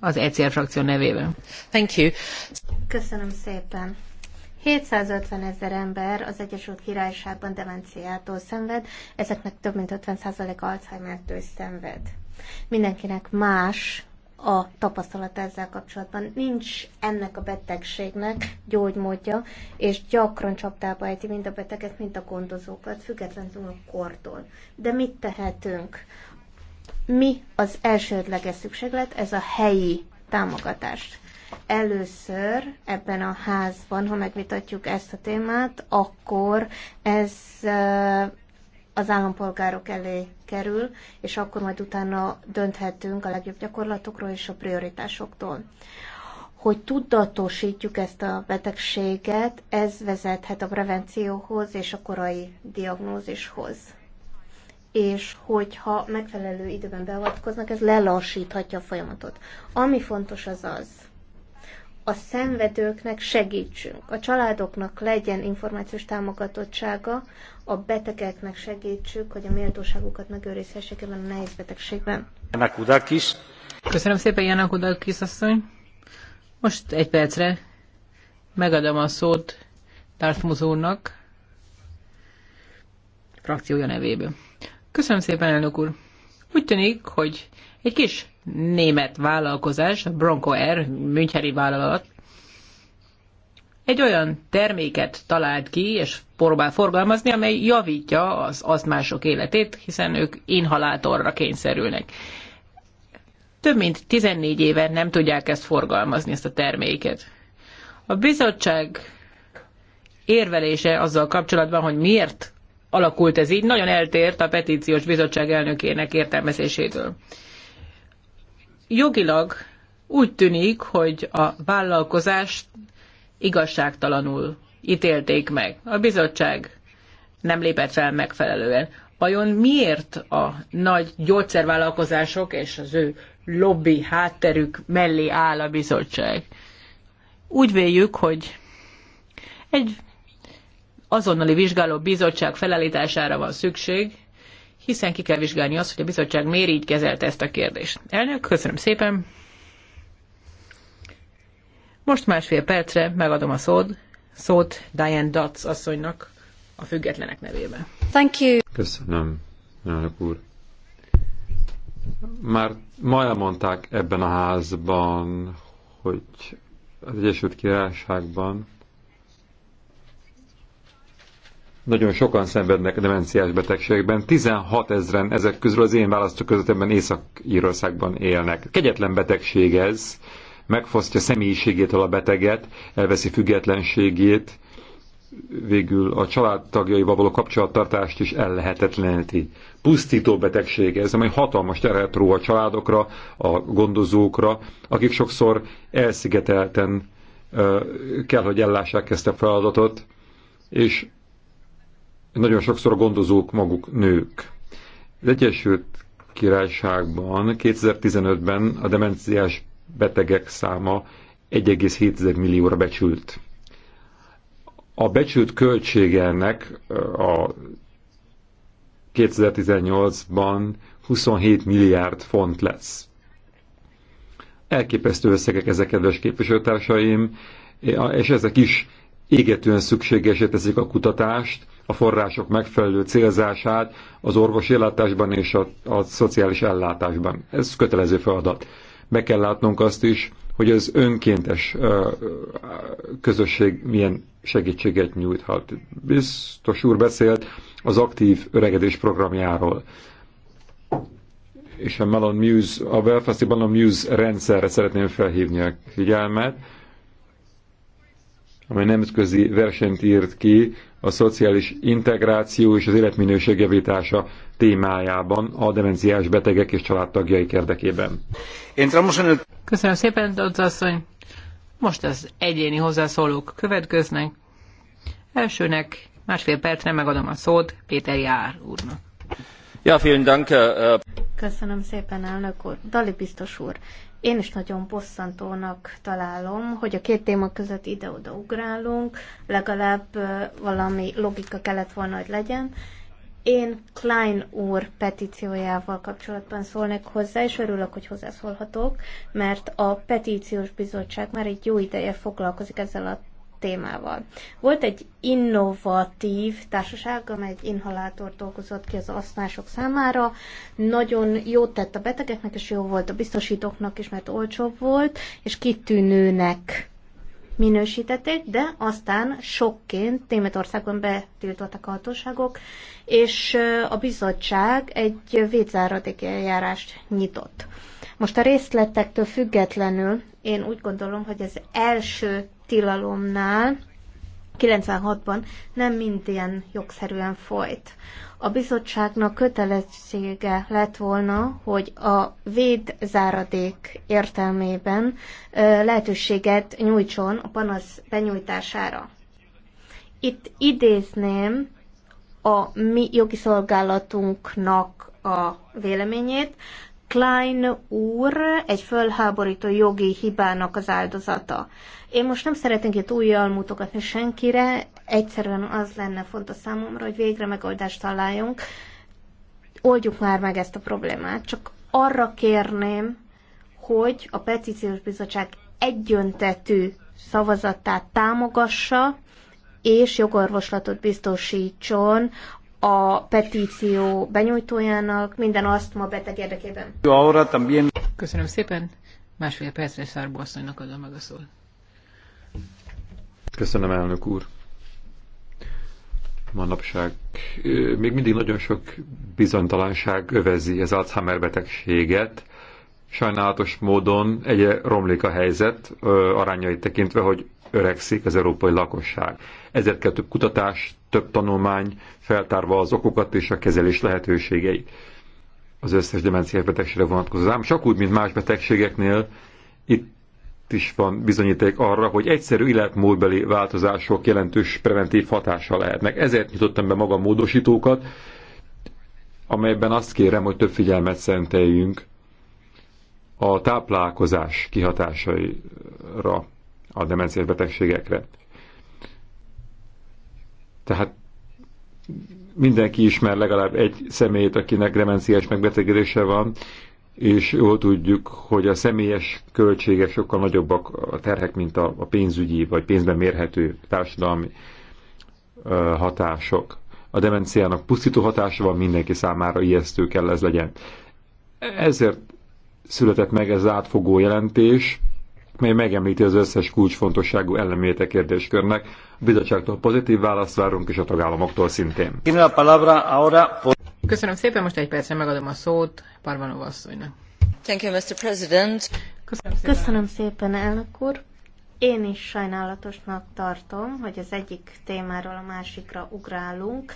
az ECR frakció nevében. Thank you. Köszönöm szépen. 750 ezer ember az Egyesült Királyságban demenciától szenved, ezeknek több mint 50% Alzheimer-től szenved. Mindenkinek más a tapasztalata ezzel kapcsolatban. Nincs ennek a betegségnek gyógymódja, és gyakran csapdába ejti mind a beteget, mind a gondozókat, függetlenül a kortól. De mit tehetünk? Mi az elsődleges szükséglet? Ez a helyi támogatást először ebben a házban, ha megvitatjuk ezt a témát, akkor ez az állampolgárok elé kerül, és akkor majd utána dönthetünk a legjobb gyakorlatokról és a prioritásoktól. Hogy tudatosítjuk ezt a betegséget, ez vezethet a prevencióhoz és a korai diagnózishoz. És hogyha megfelelő időben beavatkoznak, ez lelassíthatja a folyamatot. Ami fontos az az, a szenvedőknek segítsünk, a családoknak legyen információs támogatottsága, a betegeknek segítsük, hogy a méltóságukat megőrizhessék ebben a nehéz betegségben. Janakudakis. Köszönöm szépen, Janakudakis asszony. Most egy percre megadom a szót Dartmouth úrnak, frakciója nevéből. Köszönöm szépen, elnök úr. Úgy tűnik, hogy egy kis német vállalkozás, a Bronco Air, Müncheni vállalat, egy olyan terméket talált ki, és próbál forgalmazni, amely javítja az asztmások életét, hiszen ők inhalátorra kényszerülnek. Több mint 14 éven nem tudják ezt forgalmazni, ezt a terméket. A bizottság érvelése azzal kapcsolatban, hogy miért alakult ez így, nagyon eltért a petíciós bizottság elnökének értelmezésétől jogilag úgy tűnik, hogy a vállalkozást igazságtalanul ítélték meg. A bizottság nem lépett fel megfelelően. Vajon miért a nagy gyógyszervállalkozások és az ő lobby hátterük mellé áll a bizottság? Úgy véljük, hogy egy azonnali vizsgáló bizottság felállítására van szükség, hiszen ki kell vizsgálni azt, hogy a bizottság miért így kezelte ezt a kérdést. Elnök, köszönöm szépen. Most másfél percre megadom a szót, szót Diane Dutz asszonynak a függetlenek nevében. Thank you. Köszönöm, elnök úr. Már ma elmondták ebben a házban, hogy az Egyesült Királyságban nagyon sokan szenvednek demenciás betegségben. 16 ezeren ezek közül az én választóközöttemben Észak-Írországban élnek. Kegyetlen betegség ez, megfosztja személyiségétől a beteget, elveszi függetlenségét, végül a családtagjaival való kapcsolattartást is ellehetetleníti. Pusztító betegség ez, amely hatalmas terhet ró a családokra, a gondozókra, akik sokszor elszigetelten kell, hogy ellássák ezt a feladatot, és nagyon sokszor a gondozók maguk nők. Az Egyesült Királyságban 2015-ben a demenciás betegek száma 1,7 millióra becsült. A becsült költsége ennek a 2018-ban 27 milliárd font lesz. Elképesztő összegek ezek, kedves képviselőtársaim, és ezek is égetően szükségesé teszik a kutatást, a források megfelelő célzását az orvosi ellátásban és a, a szociális ellátásban. Ez kötelező feladat. Be kell látnunk azt is, hogy az önkéntes közösség milyen segítséget nyújthat. Biztos úr beszélt az aktív öregedés programjáról és a Melon Muse, a Belfasti Melon Muse rendszerre szeretném felhívni a figyelmet, amely nemzetközi versenyt írt ki a szociális integráció és az életminőség javítása témájában a demenciás betegek és családtagjaik érdekében. Köszönöm szépen, Dodz asszony. Most az egyéni hozzászólók következnek. Elsőnek másfél percre megadom a szót Péter Jár úrnak. Ja, vielen Dank. Köszönöm szépen, elnök úr. Dali biztos úr, én is nagyon bosszantónak találom, hogy a két téma között ide-oda ugrálunk, legalább valami logika kellett volna, hogy legyen. Én Klein úr petíciójával kapcsolatban szólnék hozzá, és örülök, hogy hozzászólhatok, mert a petíciós bizottság már egy jó ideje foglalkozik ezzel a témával. Volt egy innovatív társaság, amely egy inhalátor dolgozott ki az asztmások számára. Nagyon jót tett a betegeknek, és jó volt a biztosítóknak is, mert olcsóbb volt, és kitűnőnek minősítették, de aztán sokként Németországban betiltottak a hatóságok, és a bizottság egy védzáradéki eljárást nyitott. Most a részletektől függetlenül én úgy gondolom, hogy az első tilalomnál 96-ban nem ilyen jogszerűen folyt. A bizottságnak kötelessége lett volna, hogy a védzáradék értelmében lehetőséget nyújtson a panasz benyújtására. Itt idézném a mi jogi szolgálatunknak a véleményét. Klein úr egy fölháborító jogi hibának az áldozata. Én most nem szeretnék itt új mutogatni senkire, egyszerűen az lenne fontos számomra, hogy végre megoldást találjunk. Oldjuk már meg ezt a problémát, csak arra kérném, hogy a Petíciós Bizottság egyöntetű szavazatát támogassa, és jogorvoslatot biztosítson a petíció benyújtójának minden azt ma beteg érdekében. Köszönöm szépen. Másfél percre Szárbo asszonynak adom meg a szót. Köszönöm, elnök úr. Manapság még mindig nagyon sok bizonytalanság övezi az Alzheimer betegséget. Sajnálatos módon egyre romlik a helyzet arányait tekintve, hogy öregszik az európai lakosság. Ezért kell több kutatás, több tanulmány, feltárva az okokat és a kezelés lehetőségeit az összes demenciás betegségre vonatkozó. Ám csak úgy, mint más betegségeknél, itt is van bizonyíték arra, hogy egyszerű életmódbeli változások jelentős preventív hatása lehetnek. Ezért nyitottam be magam módosítókat, amelyben azt kérem, hogy több figyelmet szenteljünk a táplálkozás kihatásaira, a demenciás betegségekre. Tehát mindenki ismer legalább egy személyt, akinek demenciás megbetegedése van, és jól tudjuk, hogy a személyes költségek sokkal nagyobbak a terhek, mint a, pénzügyi vagy pénzben mérhető társadalmi hatások. A demenciának pusztító hatása van mindenki számára, ijesztő kell ez legyen. Ezért született meg ez átfogó jelentés, mely megemlíti az összes kulcsfontosságú elemét kérdéskörnek. A bizottságtól pozitív választ várunk, és a tagállamoktól szintén. Köszönöm szépen, most egy percre megadom a szót Parvanov asszonynak. Thank you, Mr. President. Köszönöm szépen. Köszönöm szépen, elnök úr. Én is sajnálatosnak tartom, hogy az egyik témáról a másikra ugrálunk.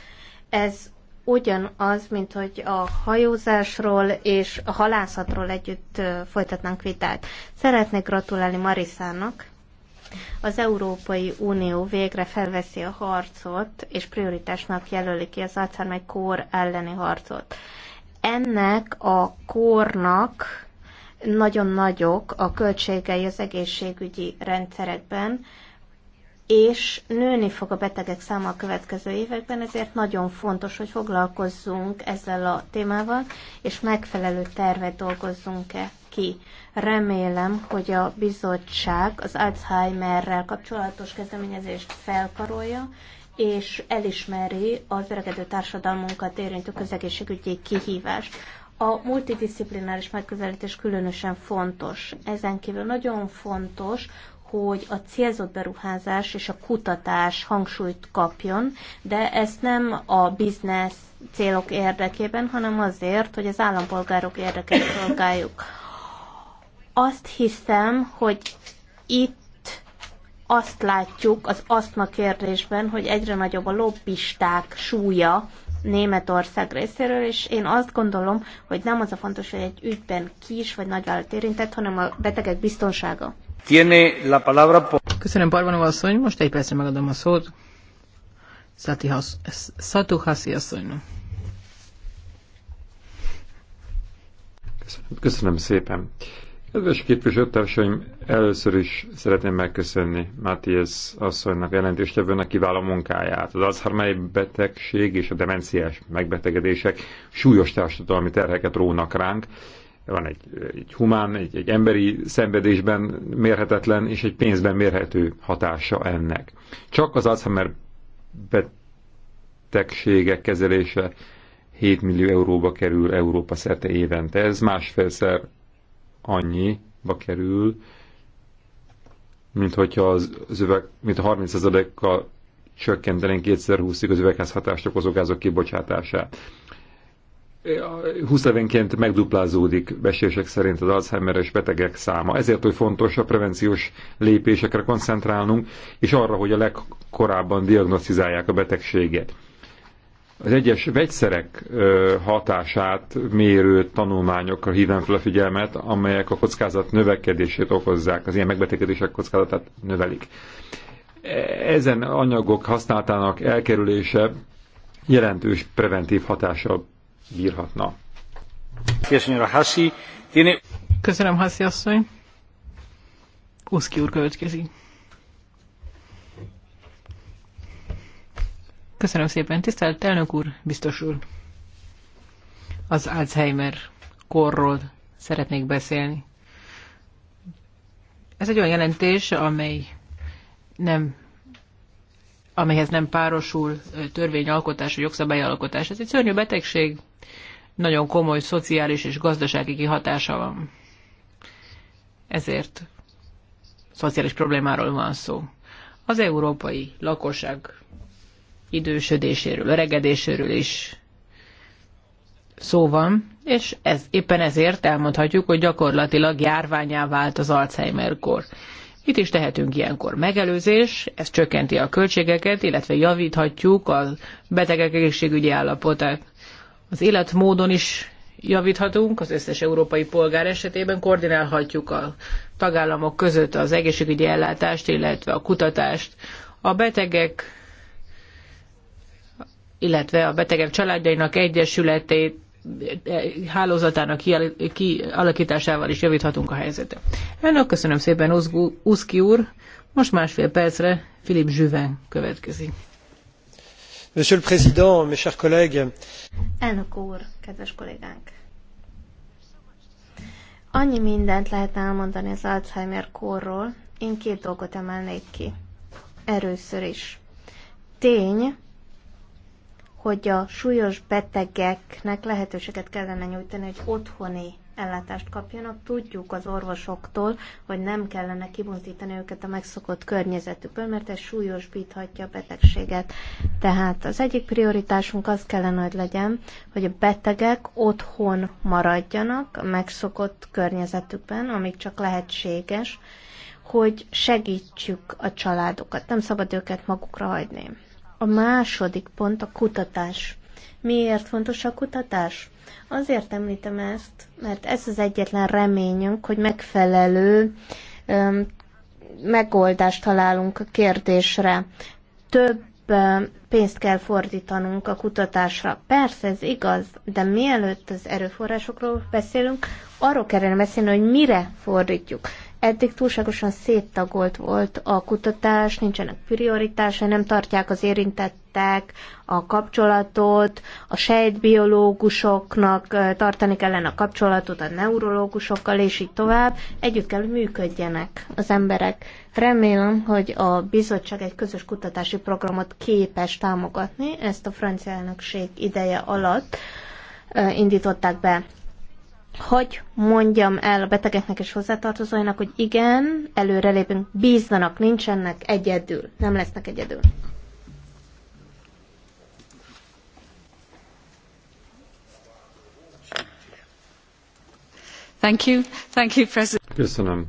Ez ugyanaz, mint hogy a hajózásról és a halászatról együtt folytatnánk vitát. Szeretnék gratulálni Marisának, az Európai Unió végre felveszi a harcot, és prioritásnak jelöli ki az Alzheimer kór elleni harcot. Ennek a kórnak nagyon nagyok a költségei az egészségügyi rendszerekben, és nőni fog a betegek száma a következő években, ezért nagyon fontos, hogy foglalkozzunk ezzel a témával, és megfelelő tervet dolgozzunk-e ki. Remélem, hogy a bizottság az Alzheimerrel kapcsolatos kezdeményezést felkarolja, és elismeri az öregedő társadalmunkat érintő közegészségügyi kihívást. A multidisziplináris megközelítés különösen fontos. Ezen kívül nagyon fontos, hogy a célzott beruházás és a kutatás hangsúlyt kapjon, de ezt nem a biznesz célok érdekében, hanem azért, hogy az állampolgárok érdekeit szolgáljuk azt hiszem, hogy itt azt látjuk az asztma kérdésben, hogy egyre nagyobb a lobbisták súlya Németország részéről, és én azt gondolom, hogy nem az a fontos, hogy egy ügyben kis vagy nagy nagyvállalat érintett, hanem a betegek biztonsága. Tiene la palabra... Köszönöm, Parvanova asszony. Most egy percre megadom a szót. Szatu Haszi asszonynak. köszönöm szépen. Kedves képviselőtársaim, először is szeretném megköszönni Matthias asszonynak a kiváló munkáját. Az Alzheimer betegség és a demenciás megbetegedések súlyos társadalmi terheket rónak ránk. Van egy, egy humán, egy, egy emberi szenvedésben mérhetetlen és egy pénzben mérhető hatása ennek. Csak az Alzheimer betegségek kezelése 7 millió euróba kerül Európa szerte évente. Ez másfélszer annyiba kerül, mint hogyha az, az üveg, mint 30 kal csökkentenénk 2020-ig az hatást okozó gázok kibocsátását. 20 évenként megduplázódik besések szerint az Alzheimeres betegek száma. Ezért, hogy fontos a prevenciós lépésekre koncentrálnunk, és arra, hogy a legkorábban diagnosztizálják a betegséget az egyes vegyszerek hatását mérő tanulmányokra hívnám fel a figyelmet, amelyek a kockázat növekedését okozzák, az ilyen megbetegedések kockázatát növelik. Ezen anyagok használatának elkerülése jelentős preventív hatással bírhatna. Köszönöm, Hassi asszony. Uszki úr következik. Köszönöm szépen, tisztelt elnök úr, biztos úr. Az Alzheimer korról szeretnék beszélni. Ez egy olyan jelentés, amely nem amelyhez nem párosul törvényalkotás vagy jogszabályalkotás. Ez egy szörnyű betegség, nagyon komoly szociális és gazdasági kihatása van. Ezért szociális problémáról van szó. Az európai lakosság idősödéséről, öregedéséről is szó van, és ez, éppen ezért elmondhatjuk, hogy gyakorlatilag járványá vált az Alzheimer-kor. Mit is tehetünk ilyenkor? Megelőzés, ez csökkenti a költségeket, illetve javíthatjuk a betegek egészségügyi állapotát. Az életmódon is javíthatunk, az összes európai polgár esetében koordinálhatjuk a tagállamok között az egészségügyi ellátást, illetve a kutatást. A betegek illetve a betegek családjainak egyesületét hálózatának kialakításával is javíthatunk a helyzetet. Önök köszönöm szépen, Uszki úr. Most másfél percre Philippe Juvin következik. Monsieur le Président, mes chers collègues. Elnök úr, kedves kollégánk. Annyi mindent lehet elmondani az Alzheimer korról, én két dolgot emelnék ki. Erőször is. Tény, hogy a súlyos betegeknek lehetőséget kellene nyújtani, hogy otthoni ellátást kapjanak. Tudjuk az orvosoktól, hogy nem kellene kibontítani őket a megszokott környezetükből, mert ez súlyosbíthatja a betegséget. Tehát az egyik prioritásunk az kellene, hogy legyen, hogy a betegek otthon maradjanak a megszokott környezetükben, amíg csak lehetséges, hogy segítsük a családokat. Nem szabad őket magukra hagyni. A második pont a kutatás. Miért fontos a kutatás? Azért említem ezt, mert ez az egyetlen reményünk, hogy megfelelő öm, megoldást találunk a kérdésre. Több pénzt kell fordítanunk a kutatásra. Persze, ez igaz, de mielőtt az erőforrásokról beszélünk, arról kellene beszélni, hogy mire fordítjuk. Eddig túlságosan széttagolt volt a kutatás, nincsenek prioritása, nem tartják az érintettek a kapcsolatot, a sejtbiológusoknak tartani kellene a kapcsolatot a neurológusokkal, és így tovább. Együtt kell, hogy működjenek az emberek. Remélem, hogy a bizottság egy közös kutatási programot képes támogatni, ezt a francia elnökség ideje alatt indították be hogy mondjam el a betegeknek és hozzátartozóinak, hogy igen, előrelépünk, bízzanak, nincsenek egyedül, nem lesznek egyedül. Thank you. Thank you, President. Köszönöm,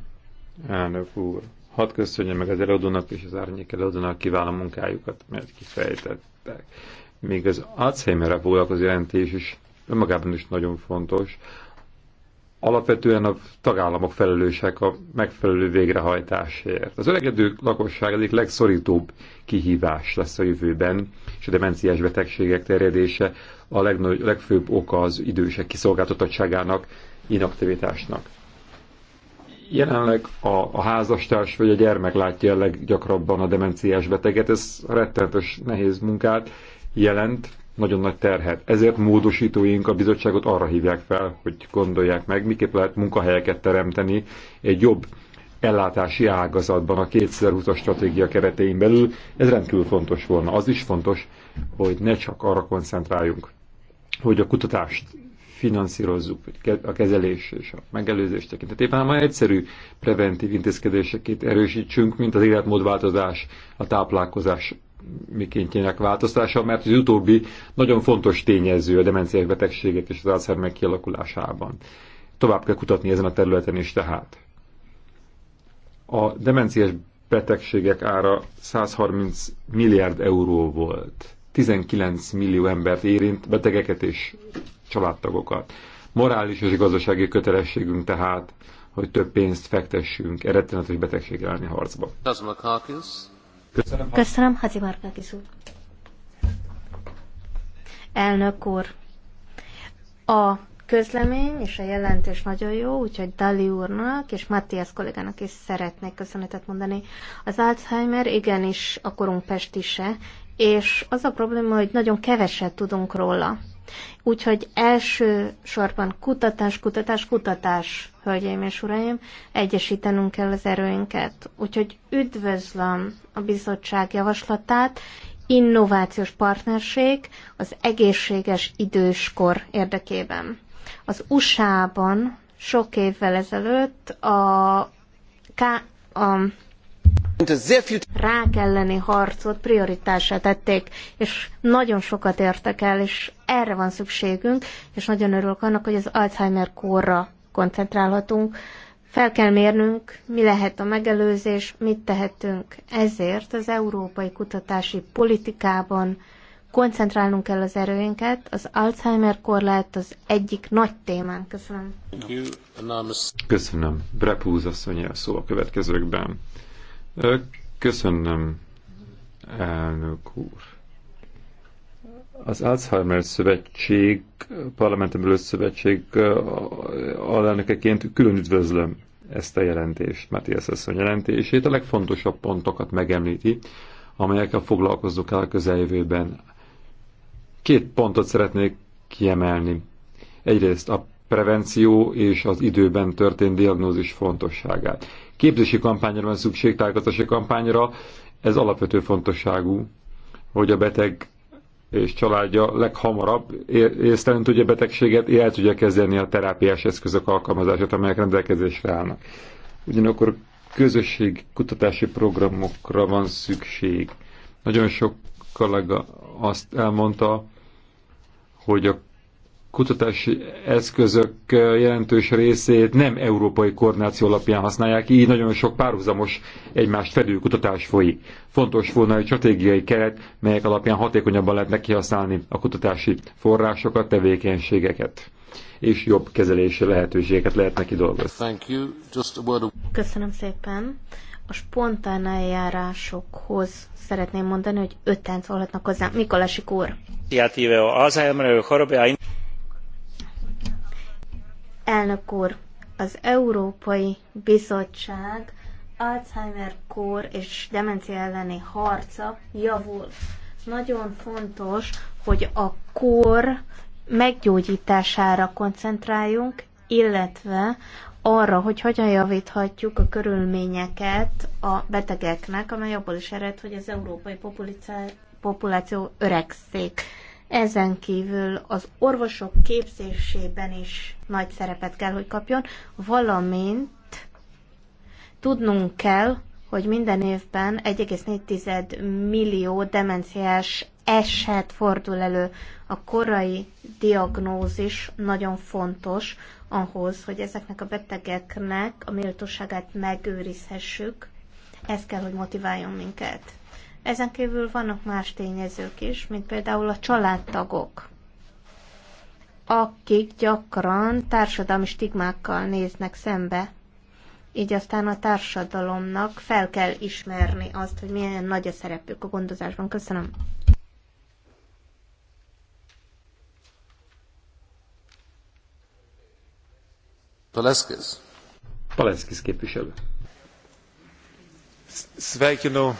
elnök úr. Hadd köszönjem meg az előadónak és az árnyék előadónak kiváló munkájukat, mert kifejtettek. Még az Alzheimer-re foglalkozó jelentés is önmagában is nagyon fontos alapvetően a tagállamok felelősek a megfelelő végrehajtásért. Az öregedő lakosság egyik legszorítóbb kihívás lesz a jövőben, és a demenciás betegségek terjedése a legnagy, legfőbb oka az idősek kiszolgáltatottságának, inaktivitásnak. Jelenleg a, a házastárs vagy a gyermek látja leggyakrabban a demenciás beteget, ez rettenetes nehéz munkát jelent, nagyon nagy terhet. Ezért módosítóink a bizottságot arra hívják fel, hogy gondolják meg, miképp lehet munkahelyeket teremteni egy jobb ellátási ágazatban a 2020-as stratégia keretein belül. Ez rendkívül fontos volna. Az is fontos, hogy ne csak arra koncentráljunk, hogy a kutatást finanszírozzuk, a kezelés és a megelőzés tekintetében, hanem egyszerű preventív intézkedéseket erősítsünk, mint az életmódváltozás, a táplálkozás mikéntjének változtása, mert az utóbbi nagyon fontos tényező a demenciás betegségek és az Alzheimer kialakulásában. Tovább kell kutatni ezen a területen is tehát. A demenciás betegségek ára 130 milliárd euró volt. 19 millió embert érint, betegeket és családtagokat. Morális és gazdasági kötelességünk tehát, hogy több pénzt fektessünk erettenetes betegség elleni harcba. Köszönöm, Köszönöm Hazi Markákis úr. Elnök úr, a közlemény és a jelentés nagyon jó, úgyhogy Dali úrnak és Matthias kollégának is szeretnék köszönetet mondani. Az Alzheimer igenis a korunk pestise, és az a probléma, hogy nagyon keveset tudunk róla. Úgyhogy első sorban kutatás, kutatás, kutatás, hölgyeim és uraim, egyesítenünk kell az erőinket. Úgyhogy üdvözlöm a bizottság javaslatát, innovációs partnerség az egészséges időskor érdekében. Az USA-ban sok évvel ezelőtt a, K- a rák elleni harcot prioritásá tették, és nagyon sokat értek el, és erre van szükségünk, és nagyon örülök annak, hogy az Alzheimer kórra koncentrálhatunk. Fel kell mérnünk, mi lehet a megelőzés, mit tehetünk. Ezért az európai kutatási politikában koncentrálnunk kell az erőinket. Az Alzheimer kor lehet az egyik nagy témán. Köszönöm. Köszönöm. Brepúz asszony a szó a következőkben. Köszönöm, elnök úr. Az Alzheimer Szövetség, parlamenten belül szövetség alelnökeként külön üdvözlöm ezt a jelentést, Matthias Asszony jelentését. A legfontosabb pontokat megemlíti, amelyekkel foglalkozzuk el a közeljövőben. Két pontot szeretnék kiemelni. Egyrészt a prevenció és az időben történt diagnózis fontosságát. Képzési kampányra van szükség, tájékoztatási kampányra, ez alapvető fontosságú, hogy a beteg és családja leghamarabb észtelen tudja betegséget, el tudja kezdeni a terápiás eszközök alkalmazását, amelyek rendelkezésre állnak. Ugyanakkor közösség kutatási programokra van szükség. Nagyon sok kollega azt elmondta, hogy a kutatási eszközök jelentős részét nem európai koordináció alapján használják, így nagyon sok párhuzamos egymást fedő kutatás folyik. Fontos volna egy stratégiai keret, melyek alapján hatékonyabban lehet kihasználni a kutatási forrásokat, tevékenységeket és jobb kezelési lehetőségeket lehet neki dolgozni. Köszönöm szépen. A spontán eljárásokhoz szeretném mondani, hogy öten szólhatnak hozzá. Mikolasik úr. Elnök úr, az Európai Bizottság Alzheimer kór és demencia elleni harca javul. Nagyon fontos, hogy a kór meggyógyítására koncentráljunk, illetve arra, hogy hogyan javíthatjuk a körülményeket a betegeknek, amely abból is ered, hogy az európai populáció öregszik. Ezen kívül az orvosok képzésében is nagy szerepet kell, hogy kapjon, valamint tudnunk kell, hogy minden évben 1,4 millió demenciás eset fordul elő. A korai diagnózis nagyon fontos ahhoz, hogy ezeknek a betegeknek a méltóságát megőrizhessük. Ez kell, hogy motiváljon minket. Ezen kívül vannak más tényezők is, mint például a családtagok, akik gyakran társadalmi stigmákkal néznek szembe, így aztán a társadalomnak fel kell ismerni azt, hogy milyen nagy a szerepük a gondozásban. Köszönöm. Paleszkész. Paleszkész képviselő. Sveikinu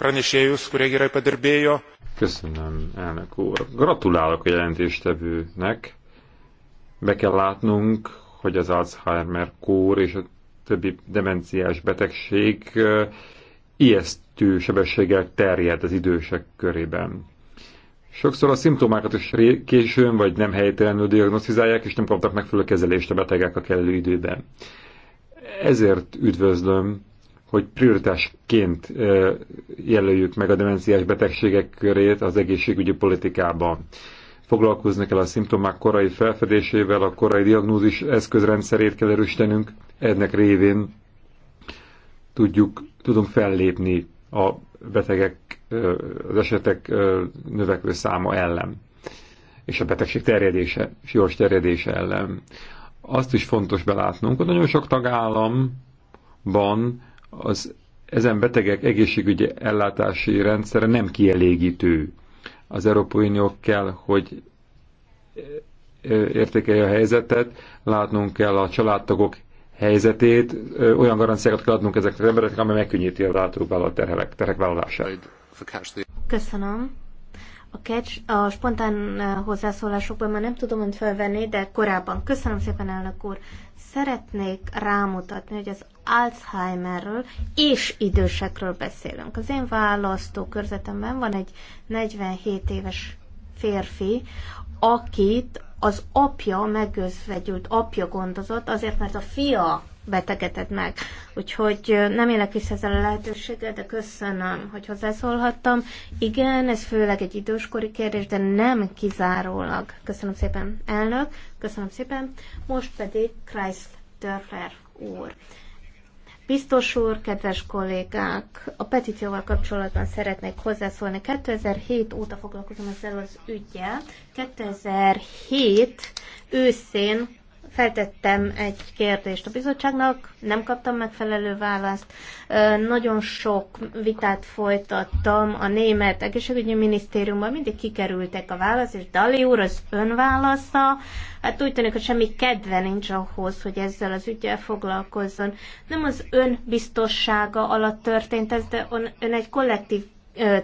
pranešėjus, kurie gerai padirbėjo. Köszönöm, elnök úr. Gratulálok a jelentéstevőnek. Be kell látnunk, hogy az Alzheimer kór és a többi demenciás betegség ijesztő sebességgel terjed az idősek körében. Sokszor a szimptomákat is későn vagy nem helytelenül diagnosztizálják, és nem kaptak megfelelő kezelést a betegek a kellő időben. Ezért üdvözlöm hogy prioritásként jelöljük meg a demenciás betegségek körét az egészségügyi politikában. Foglalkozni kell a szimptomák korai felfedésével, a korai diagnózis eszközrendszerét kell erősítenünk, ennek révén tudjuk, tudunk fellépni a betegek, az esetek növekvő száma ellen, és a betegség terjedése, és terjedése ellen. Azt is fontos belátnunk, hogy nagyon sok tagállamban az ezen betegek egészségügyi ellátási rendszere nem kielégítő. Az Európai Unió kell, hogy e, e, értékelje a helyzetet, látnunk kell a családtagok helyzetét, e, olyan garanciákat kell adnunk ezeknek az embereknek, amely megkönnyíti a látókvállalat terhek vállalását. Köszönöm. A, catch, a spontán eh, hozzászólásokban már nem tudom önt felvenni, de korábban. Köszönöm szépen, elnök úr. Szeretnék rámutatni, hogy az Alzheimerről és idősekről beszélünk. Az én körzetemben van egy 47 éves férfi, akit az apja, megőzvegyült, apja gondozott, azért, mert a fia betegedett meg. Úgyhogy nem élek vissza ezzel a lehetőséggel, de köszönöm, hogy hozzászólhattam. Igen, ez főleg egy időskori kérdés, de nem kizárólag. Köszönöm szépen, elnök, köszönöm szépen. Most pedig Kreis Dörfer úr. Biztos úr, kedves kollégák, a petícióval kapcsolatban szeretnék hozzászólni. 2007 óta foglalkozom ezzel az ügyjel. 2007 őszén feltettem egy kérdést a bizottságnak, nem kaptam megfelelő választ. Nagyon sok vitát folytattam a német egészségügyi minisztériumban, mindig kikerültek a válasz, és Dali úr az önválasza. Hát úgy tűnik, hogy semmi kedve nincs ahhoz, hogy ezzel az ügyel foglalkozzon. Nem az ön biztossága alatt történt ez, de ön egy kollektív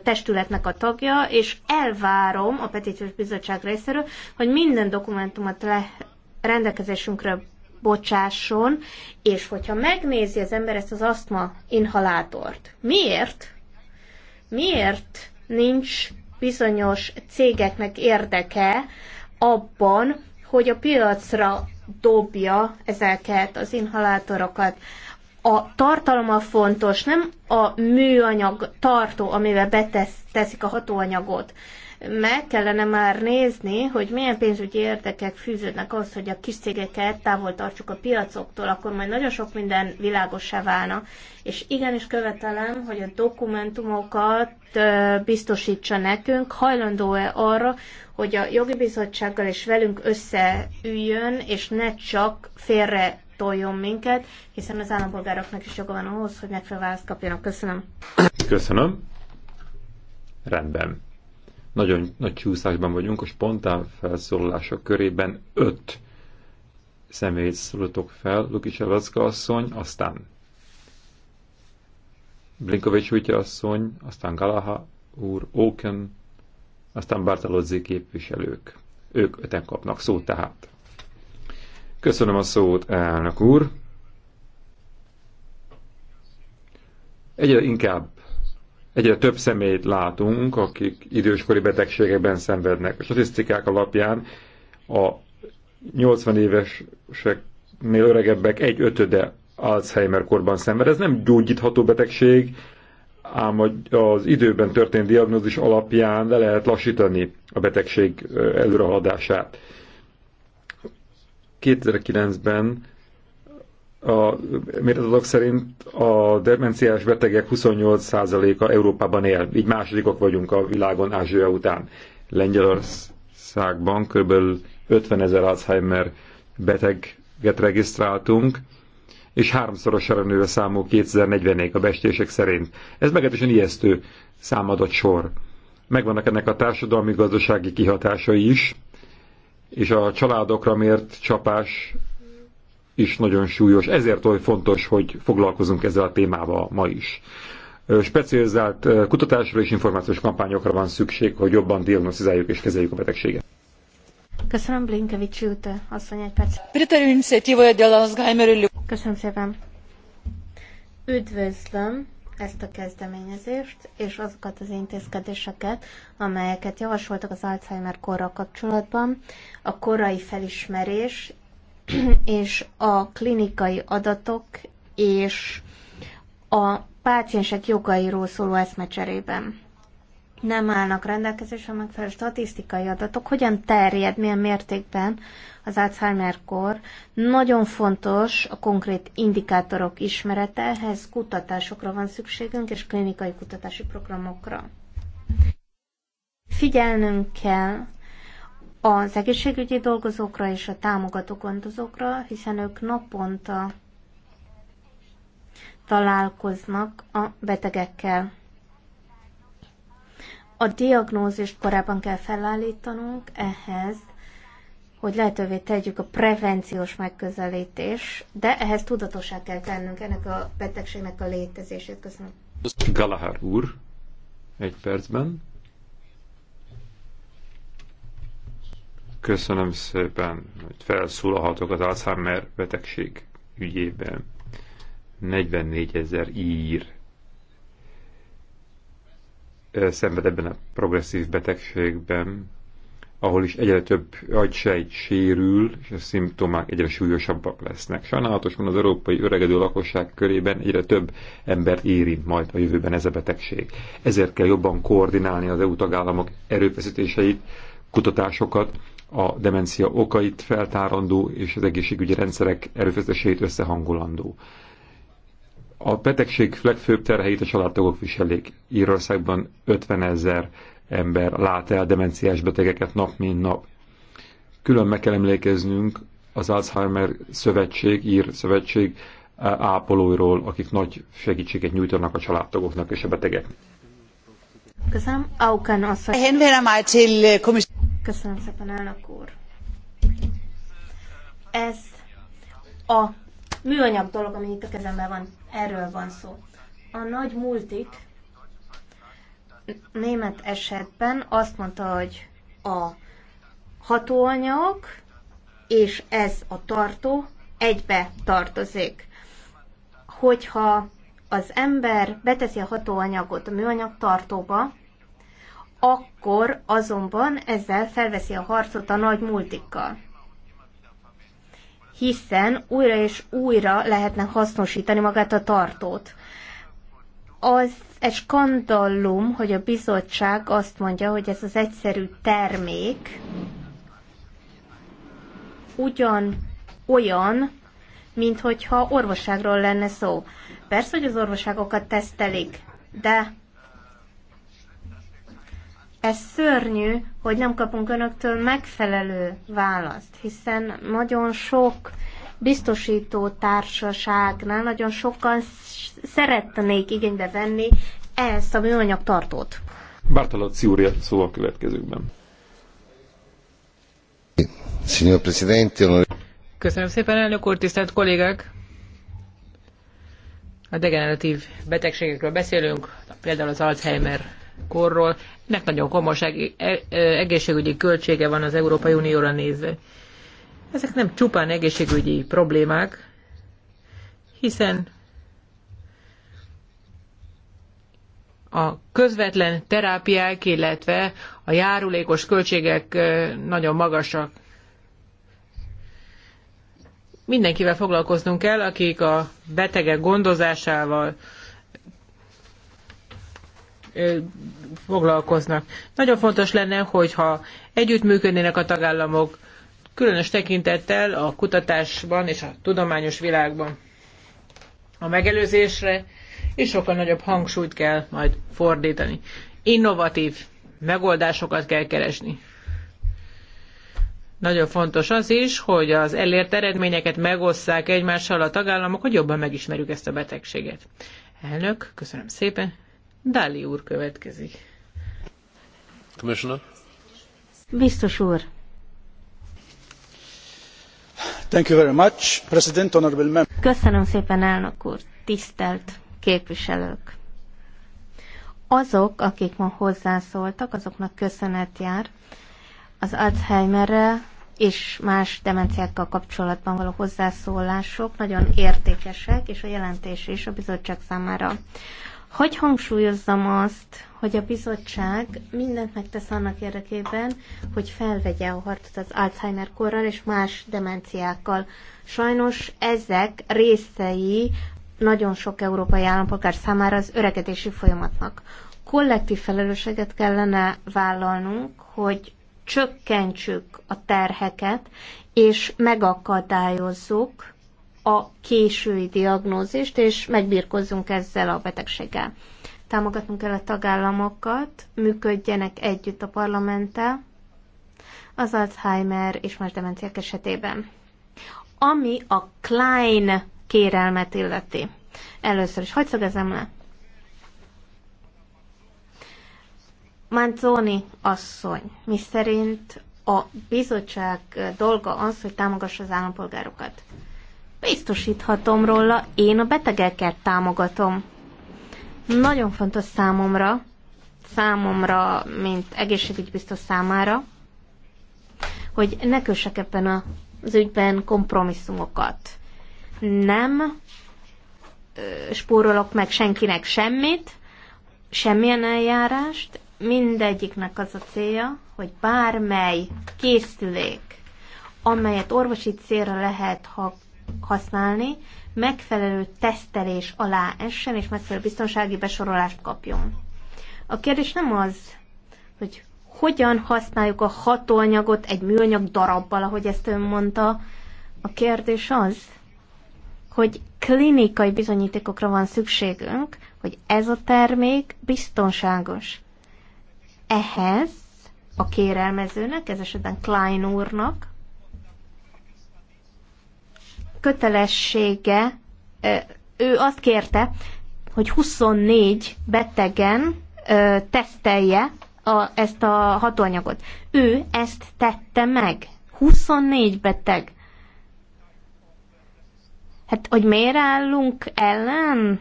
testületnek a tagja, és elvárom a petíciós bizottság részéről, hogy minden dokumentumot le rendelkezésünkre bocsásson, és hogyha megnézi az ember ezt az asztma inhalátort, miért? Miért nincs bizonyos cégeknek érdeke abban, hogy a piacra dobja ezeket az inhalátorokat? A tartalma fontos, nem a műanyag tartó, amivel beteszik a hatóanyagot meg kellene már nézni, hogy milyen pénzügyi érdekek fűződnek ahhoz, hogy a kis cégeket távol tartsuk a piacoktól, akkor majd nagyon sok minden világosá válna. És igenis követelem, hogy a dokumentumokat biztosítsa nekünk, hajlandó-e arra, hogy a jogi bizottsággal és velünk összeüljön, és ne csak félre toljon minket, hiszen az állampolgároknak is joga van ahhoz, hogy megfelelő választ kapjanak. Köszönöm. Köszönöm. Rendben nagyon nagy csúszásban vagyunk, a spontán felszólalások körében öt személyt szólítok fel, Luki Elacka asszony, aztán Blinkovics útja asszony, aztán Galaha úr, Oken, aztán Bartalozzi képviselők. Ők öten kapnak szót tehát. Köszönöm a szót, elnök úr. Egyre inkább egyre több személyt látunk, akik időskori betegségekben szenvednek. A statisztikák alapján a 80 éveseknél öregebbek egy ötöde Alzheimer korban szenved. Ez nem gyógyítható betegség, ám az időben történt diagnózis alapján le lehet lassítani a betegség előrehaladását. 2009-ben a méretadatok szerint a demenciás betegek 28%-a Európában él, így másodikok vagyunk a világon Ázsia után. Lengyelországban kb. 50 ezer Alzheimer beteget regisztráltunk, és háromszorosára nő a számú 2040-ig a bestések szerint. Ez meglehetősen ijesztő számadott sor. Megvannak ennek a társadalmi-gazdasági kihatásai is, és a családokra mért csapás is nagyon súlyos, ezért oly fontos, hogy foglalkozunk ezzel a témával ma is. Specializált kutatásra és információs kampányokra van szükség, hogy jobban diagnosztizáljuk és kezeljük a betegséget. Köszönöm, Blinkevics Júte, asszony egy perc. Köszönöm szépen. Üdvözlöm ezt a kezdeményezést, és azokat az intézkedéseket, amelyeket javasoltak az Alzheimer korra kapcsolatban. A korai felismerés *clears throat* és a klinikai adatok és a páciensek jogairól szóló eszmecserében nem állnak rendelkezésre megfelelő statisztikai adatok, hogyan terjed, milyen mértékben az Alzheimer-kor. Nagyon fontos a konkrét indikátorok ismerete, ehhez kutatásokra van szükségünk, és klinikai kutatási programokra. Figyelnünk kell az egészségügyi dolgozókra és a támogató gondozókra, hiszen ők naponta találkoznak a betegekkel. A diagnózist korábban kell felállítanunk ehhez, hogy lehetővé tegyük a prevenciós megközelítés, de ehhez tudatosá kell tennünk ennek a betegségnek a létezését. Köszönöm. Galahar úr, egy percben. Köszönöm szépen, hogy felszólalhatok az Alzheimer betegség ügyében. 44 ezer ír szenved ebben a progresszív betegségben, ahol is egyre több agysejt sérül, és a szimptomák egyre súlyosabbak lesznek. Sajnálatos van az európai öregedő lakosság körében egyre több embert érint majd a jövőben ez a betegség. Ezért kell jobban koordinálni az EU tagállamok erőfeszítéseit, kutatásokat, a demencia okait feltárandó és az egészségügyi rendszerek erőfeszítéseit összehangolandó. A betegség legfőbb terheit a családtagok viselik. Írországban 50 ezer ember lát el demenciás betegeket nap mint nap. Külön meg kell emlékeznünk az Alzheimer Szövetség, Ír Szövetség ápolóiról, akik nagy segítséget nyújtanak a családtagoknak és a betegeknek. Köszönöm szépen, elnök úr. Ez a műanyag dolog, ami itt a kezemben van, erről van szó. A nagy multik német esetben azt mondta, hogy a hatóanyag és ez a tartó egybe tartozik. Hogyha az ember beteszi a hatóanyagot a műanyag tartóba, akkor azonban ezzel felveszi a harcot a nagy multikkal. Hiszen újra és újra lehetne hasznosítani magát a tartót. Az egy skandallum, hogy a bizottság azt mondja, hogy ez az egyszerű termék ugyan olyan, mint hogyha orvosságról lenne szó. Persze, hogy az orvoságokat tesztelik, de ez szörnyű, hogy nem kapunk önöktől megfelelő választ, hiszen nagyon sok biztosító társaságnál nagyon sokan szeretnék igénybe venni ezt a műanyag tartót. Bártalad Szúria szó következőkben. Signor Presidente, Köszönöm szépen, elnök úr, tisztelt kollégák! A degeneratív betegségekről beszélünk, például az Alzheimer korról. Nek nagyon komos e- e- egészségügyi költsége van az Európai Unióra nézve. Ezek nem csupán egészségügyi problémák, hiszen a közvetlen terápiák, illetve a járulékos költségek e, nagyon magasak. Mindenkivel foglalkoznunk kell, akik a betegek gondozásával, foglalkoznak. Nagyon fontos lenne, hogyha együttműködnének a tagállamok, különös tekintettel a kutatásban és a tudományos világban. A megelőzésre és sokkal nagyobb hangsúlyt kell majd fordítani. Innovatív megoldásokat kell keresni. Nagyon fontos az is, hogy az elért eredményeket megosszák egymással a tagállamok, hogy jobban megismerjük ezt a betegséget. Elnök, köszönöm szépen. Dáli úr következik. Commissioner? Biztos úr. Thank you very much, President, honorable member. Köszönöm szépen, elnök úr, tisztelt képviselők. Azok, akik ma hozzászóltak, azoknak köszönet jár. Az Alzheimerrel és más demenciákkal kapcsolatban való hozzászólások nagyon értékesek, és a jelentés is a bizottság számára. Hogy hangsúlyozzam azt, hogy a bizottság mindent megtesz annak érdekében, hogy felvegye a harcot az Alzheimer korral és más demenciákkal. Sajnos ezek részei nagyon sok európai állampolgár számára az öregedési folyamatnak. Kollektív felelősséget kellene vállalnunk, hogy csökkentsük a terheket, és megakadályozzuk a késői diagnózist, és megbírkozzunk ezzel a betegséggel. Támogatnunk kell a tagállamokat, működjenek együtt a parlamenttel, az Alzheimer és más demenciák esetében. Ami a Klein kérelmet illeti. Először is, hogy szögezem le? Manzoni asszony, mi szerint a bizottság dolga az, hogy támogassa az állampolgárokat biztosíthatom róla, én a betegeket támogatom. Nagyon fontos számomra, számomra, mint egészségügyi biztos számára, hogy ne kössek ebben a, az ügyben kompromisszumokat. Nem spórolok meg senkinek semmit, semmilyen eljárást, mindegyiknek az a célja, hogy bármely készülék, amelyet orvosi célra lehet használni, megfelelő tesztelés alá essen, és megfelelő biztonsági besorolást kapjon. A kérdés nem az, hogy hogyan használjuk a hatóanyagot egy műanyag darabbal, ahogy ezt ön mondta. A kérdés az, hogy klinikai bizonyítékokra van szükségünk, hogy ez a termék biztonságos. Ehhez a kérelmezőnek, ez esetben Klein úrnak kötelessége, ő azt kérte, hogy 24 betegen tesztelje a, ezt a hatóanyagot. Ő ezt tette meg. 24 beteg. Hát, hogy miért állunk ellen?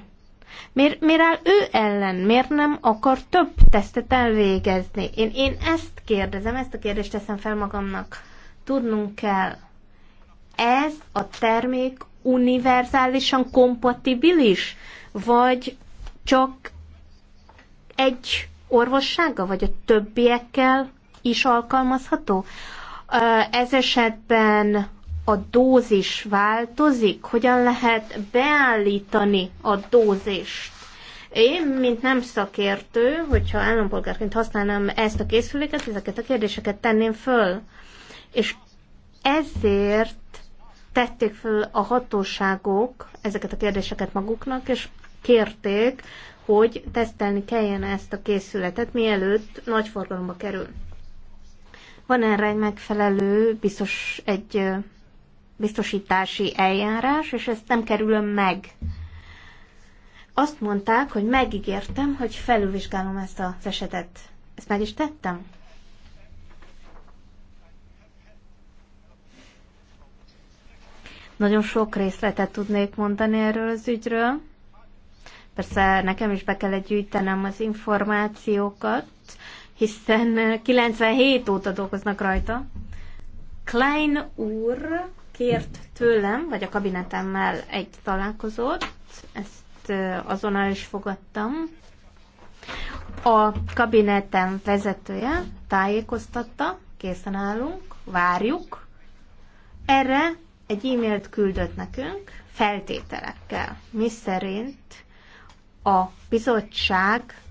Miért, miért áll ő ellen? Miért nem akar több tesztet elvégezni? Én, én ezt kérdezem, ezt a kérdést teszem fel magamnak. Tudnunk kell, ez a termék univerzálisan kompatibilis, vagy csak egy orvossága, vagy a többiekkel is alkalmazható? Ez esetben a dózis változik? Hogyan lehet beállítani a dózist? Én, mint nem szakértő, hogyha állampolgárként használnám ezt a készüléket, ezeket a kérdéseket tenném föl. És ezért tették föl a hatóságok ezeket a kérdéseket maguknak, és kérték, hogy tesztelni kelljen ezt a készületet, mielőtt nagy forgalomba kerül. Van erre egy megfelelő biztos, egy biztosítási eljárás, és ezt nem kerülöm meg. Azt mondták, hogy megígértem, hogy felülvizsgálom ezt az esetet. Ezt meg is tettem? Nagyon sok részletet tudnék mondani erről az ügyről. Persze nekem is be kellett gyűjtenem az információkat, hiszen 97 óta dolgoznak rajta. Klein úr kért tőlem, vagy a kabinetemmel egy találkozót, ezt azonnal is fogadtam. A kabinetem vezetője tájékoztatta, készen állunk, várjuk. Erre egy e-mailt küldött nekünk feltételekkel, mi szerint a bizottság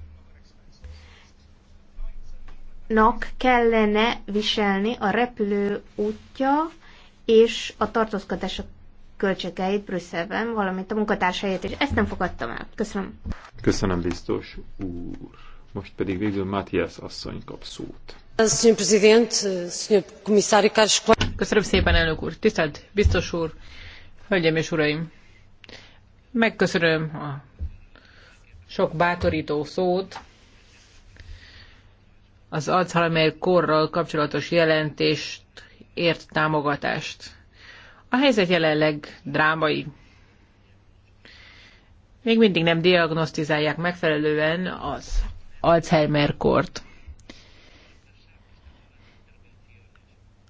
nak kellene viselni a repülő útja és a tartózkodása költségeit Brüsszelben, valamint a munkatársaiért, és ezt nem fogadtam el. Köszönöm. Köszönöm, biztos úr. Most pedig végül Matthias asszony kap szót. Tisztelt biztos úr, hölgyeim és uraim! Megköszönöm a sok bátortó szót, az Alzheimer korral kapcsolatos jelentést ért támogatást. A helyzet jelenleg drámai. Még mindig nem diagnosztizálják megfelelően az Alzheimer kort.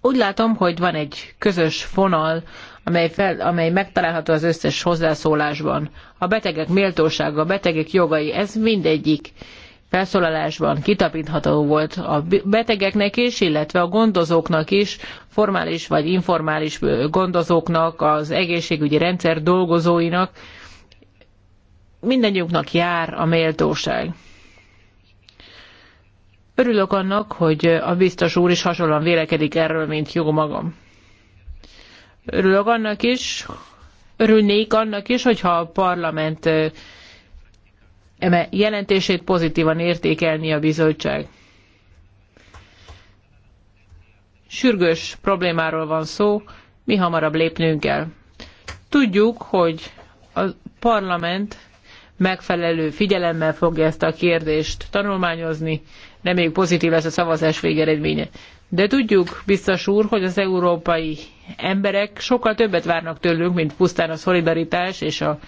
Úgy látom, hogy van egy közös fonal, amely, fel, amely megtalálható az összes hozzászólásban. A betegek méltósága, a betegek jogai, ez mindegyik felszólalásban kitapintható volt a betegeknek is, illetve a gondozóknak is, formális vagy informális gondozóknak, az egészségügyi rendszer dolgozóinak, mindannyiunknak jár a méltóság. Örülök annak, hogy a biztos úr is hasonlóan vélekedik erről, mint jó magam. Örülök annak is, örülnék annak is, hogyha a parlament eme jelentését pozitívan értékelni a bizottság. Sürgős problémáról van szó, mi hamarabb lépnünk kell. Tudjuk, hogy a parlament megfelelő figyelemmel fogja ezt a kérdést tanulmányozni, reméljük pozitív lesz a szavazás végeredménye. De tudjuk, biztos úr, hogy az európai emberek sokkal többet várnak tőlünk, mint pusztán a szolidaritás és a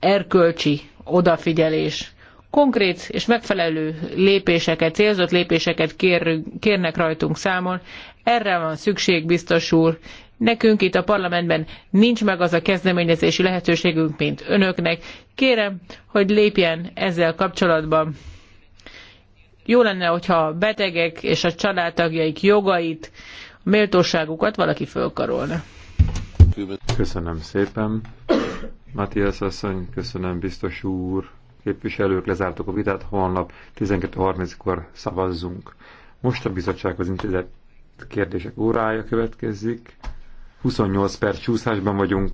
erkölcsi odafigyelés. Konkrét és megfelelő lépéseket, célzott lépéseket kérünk, kérnek rajtunk számon. Erre van szükség, biztos úr. Nekünk itt a parlamentben nincs meg az a kezdeményezési lehetőségünk, mint önöknek. Kérem, hogy lépjen ezzel kapcsolatban jó lenne, hogyha a betegek és a családtagjaik jogait, a méltóságukat valaki fölkarolna. Köszönöm szépen. Matthias asszony, köszönöm biztos úr. Képviselők, lezártuk a vitát, holnap 12.30-kor szavazzunk. Most a bizottsághoz intézett kérdések órája következik. 28 perc csúszásban vagyunk.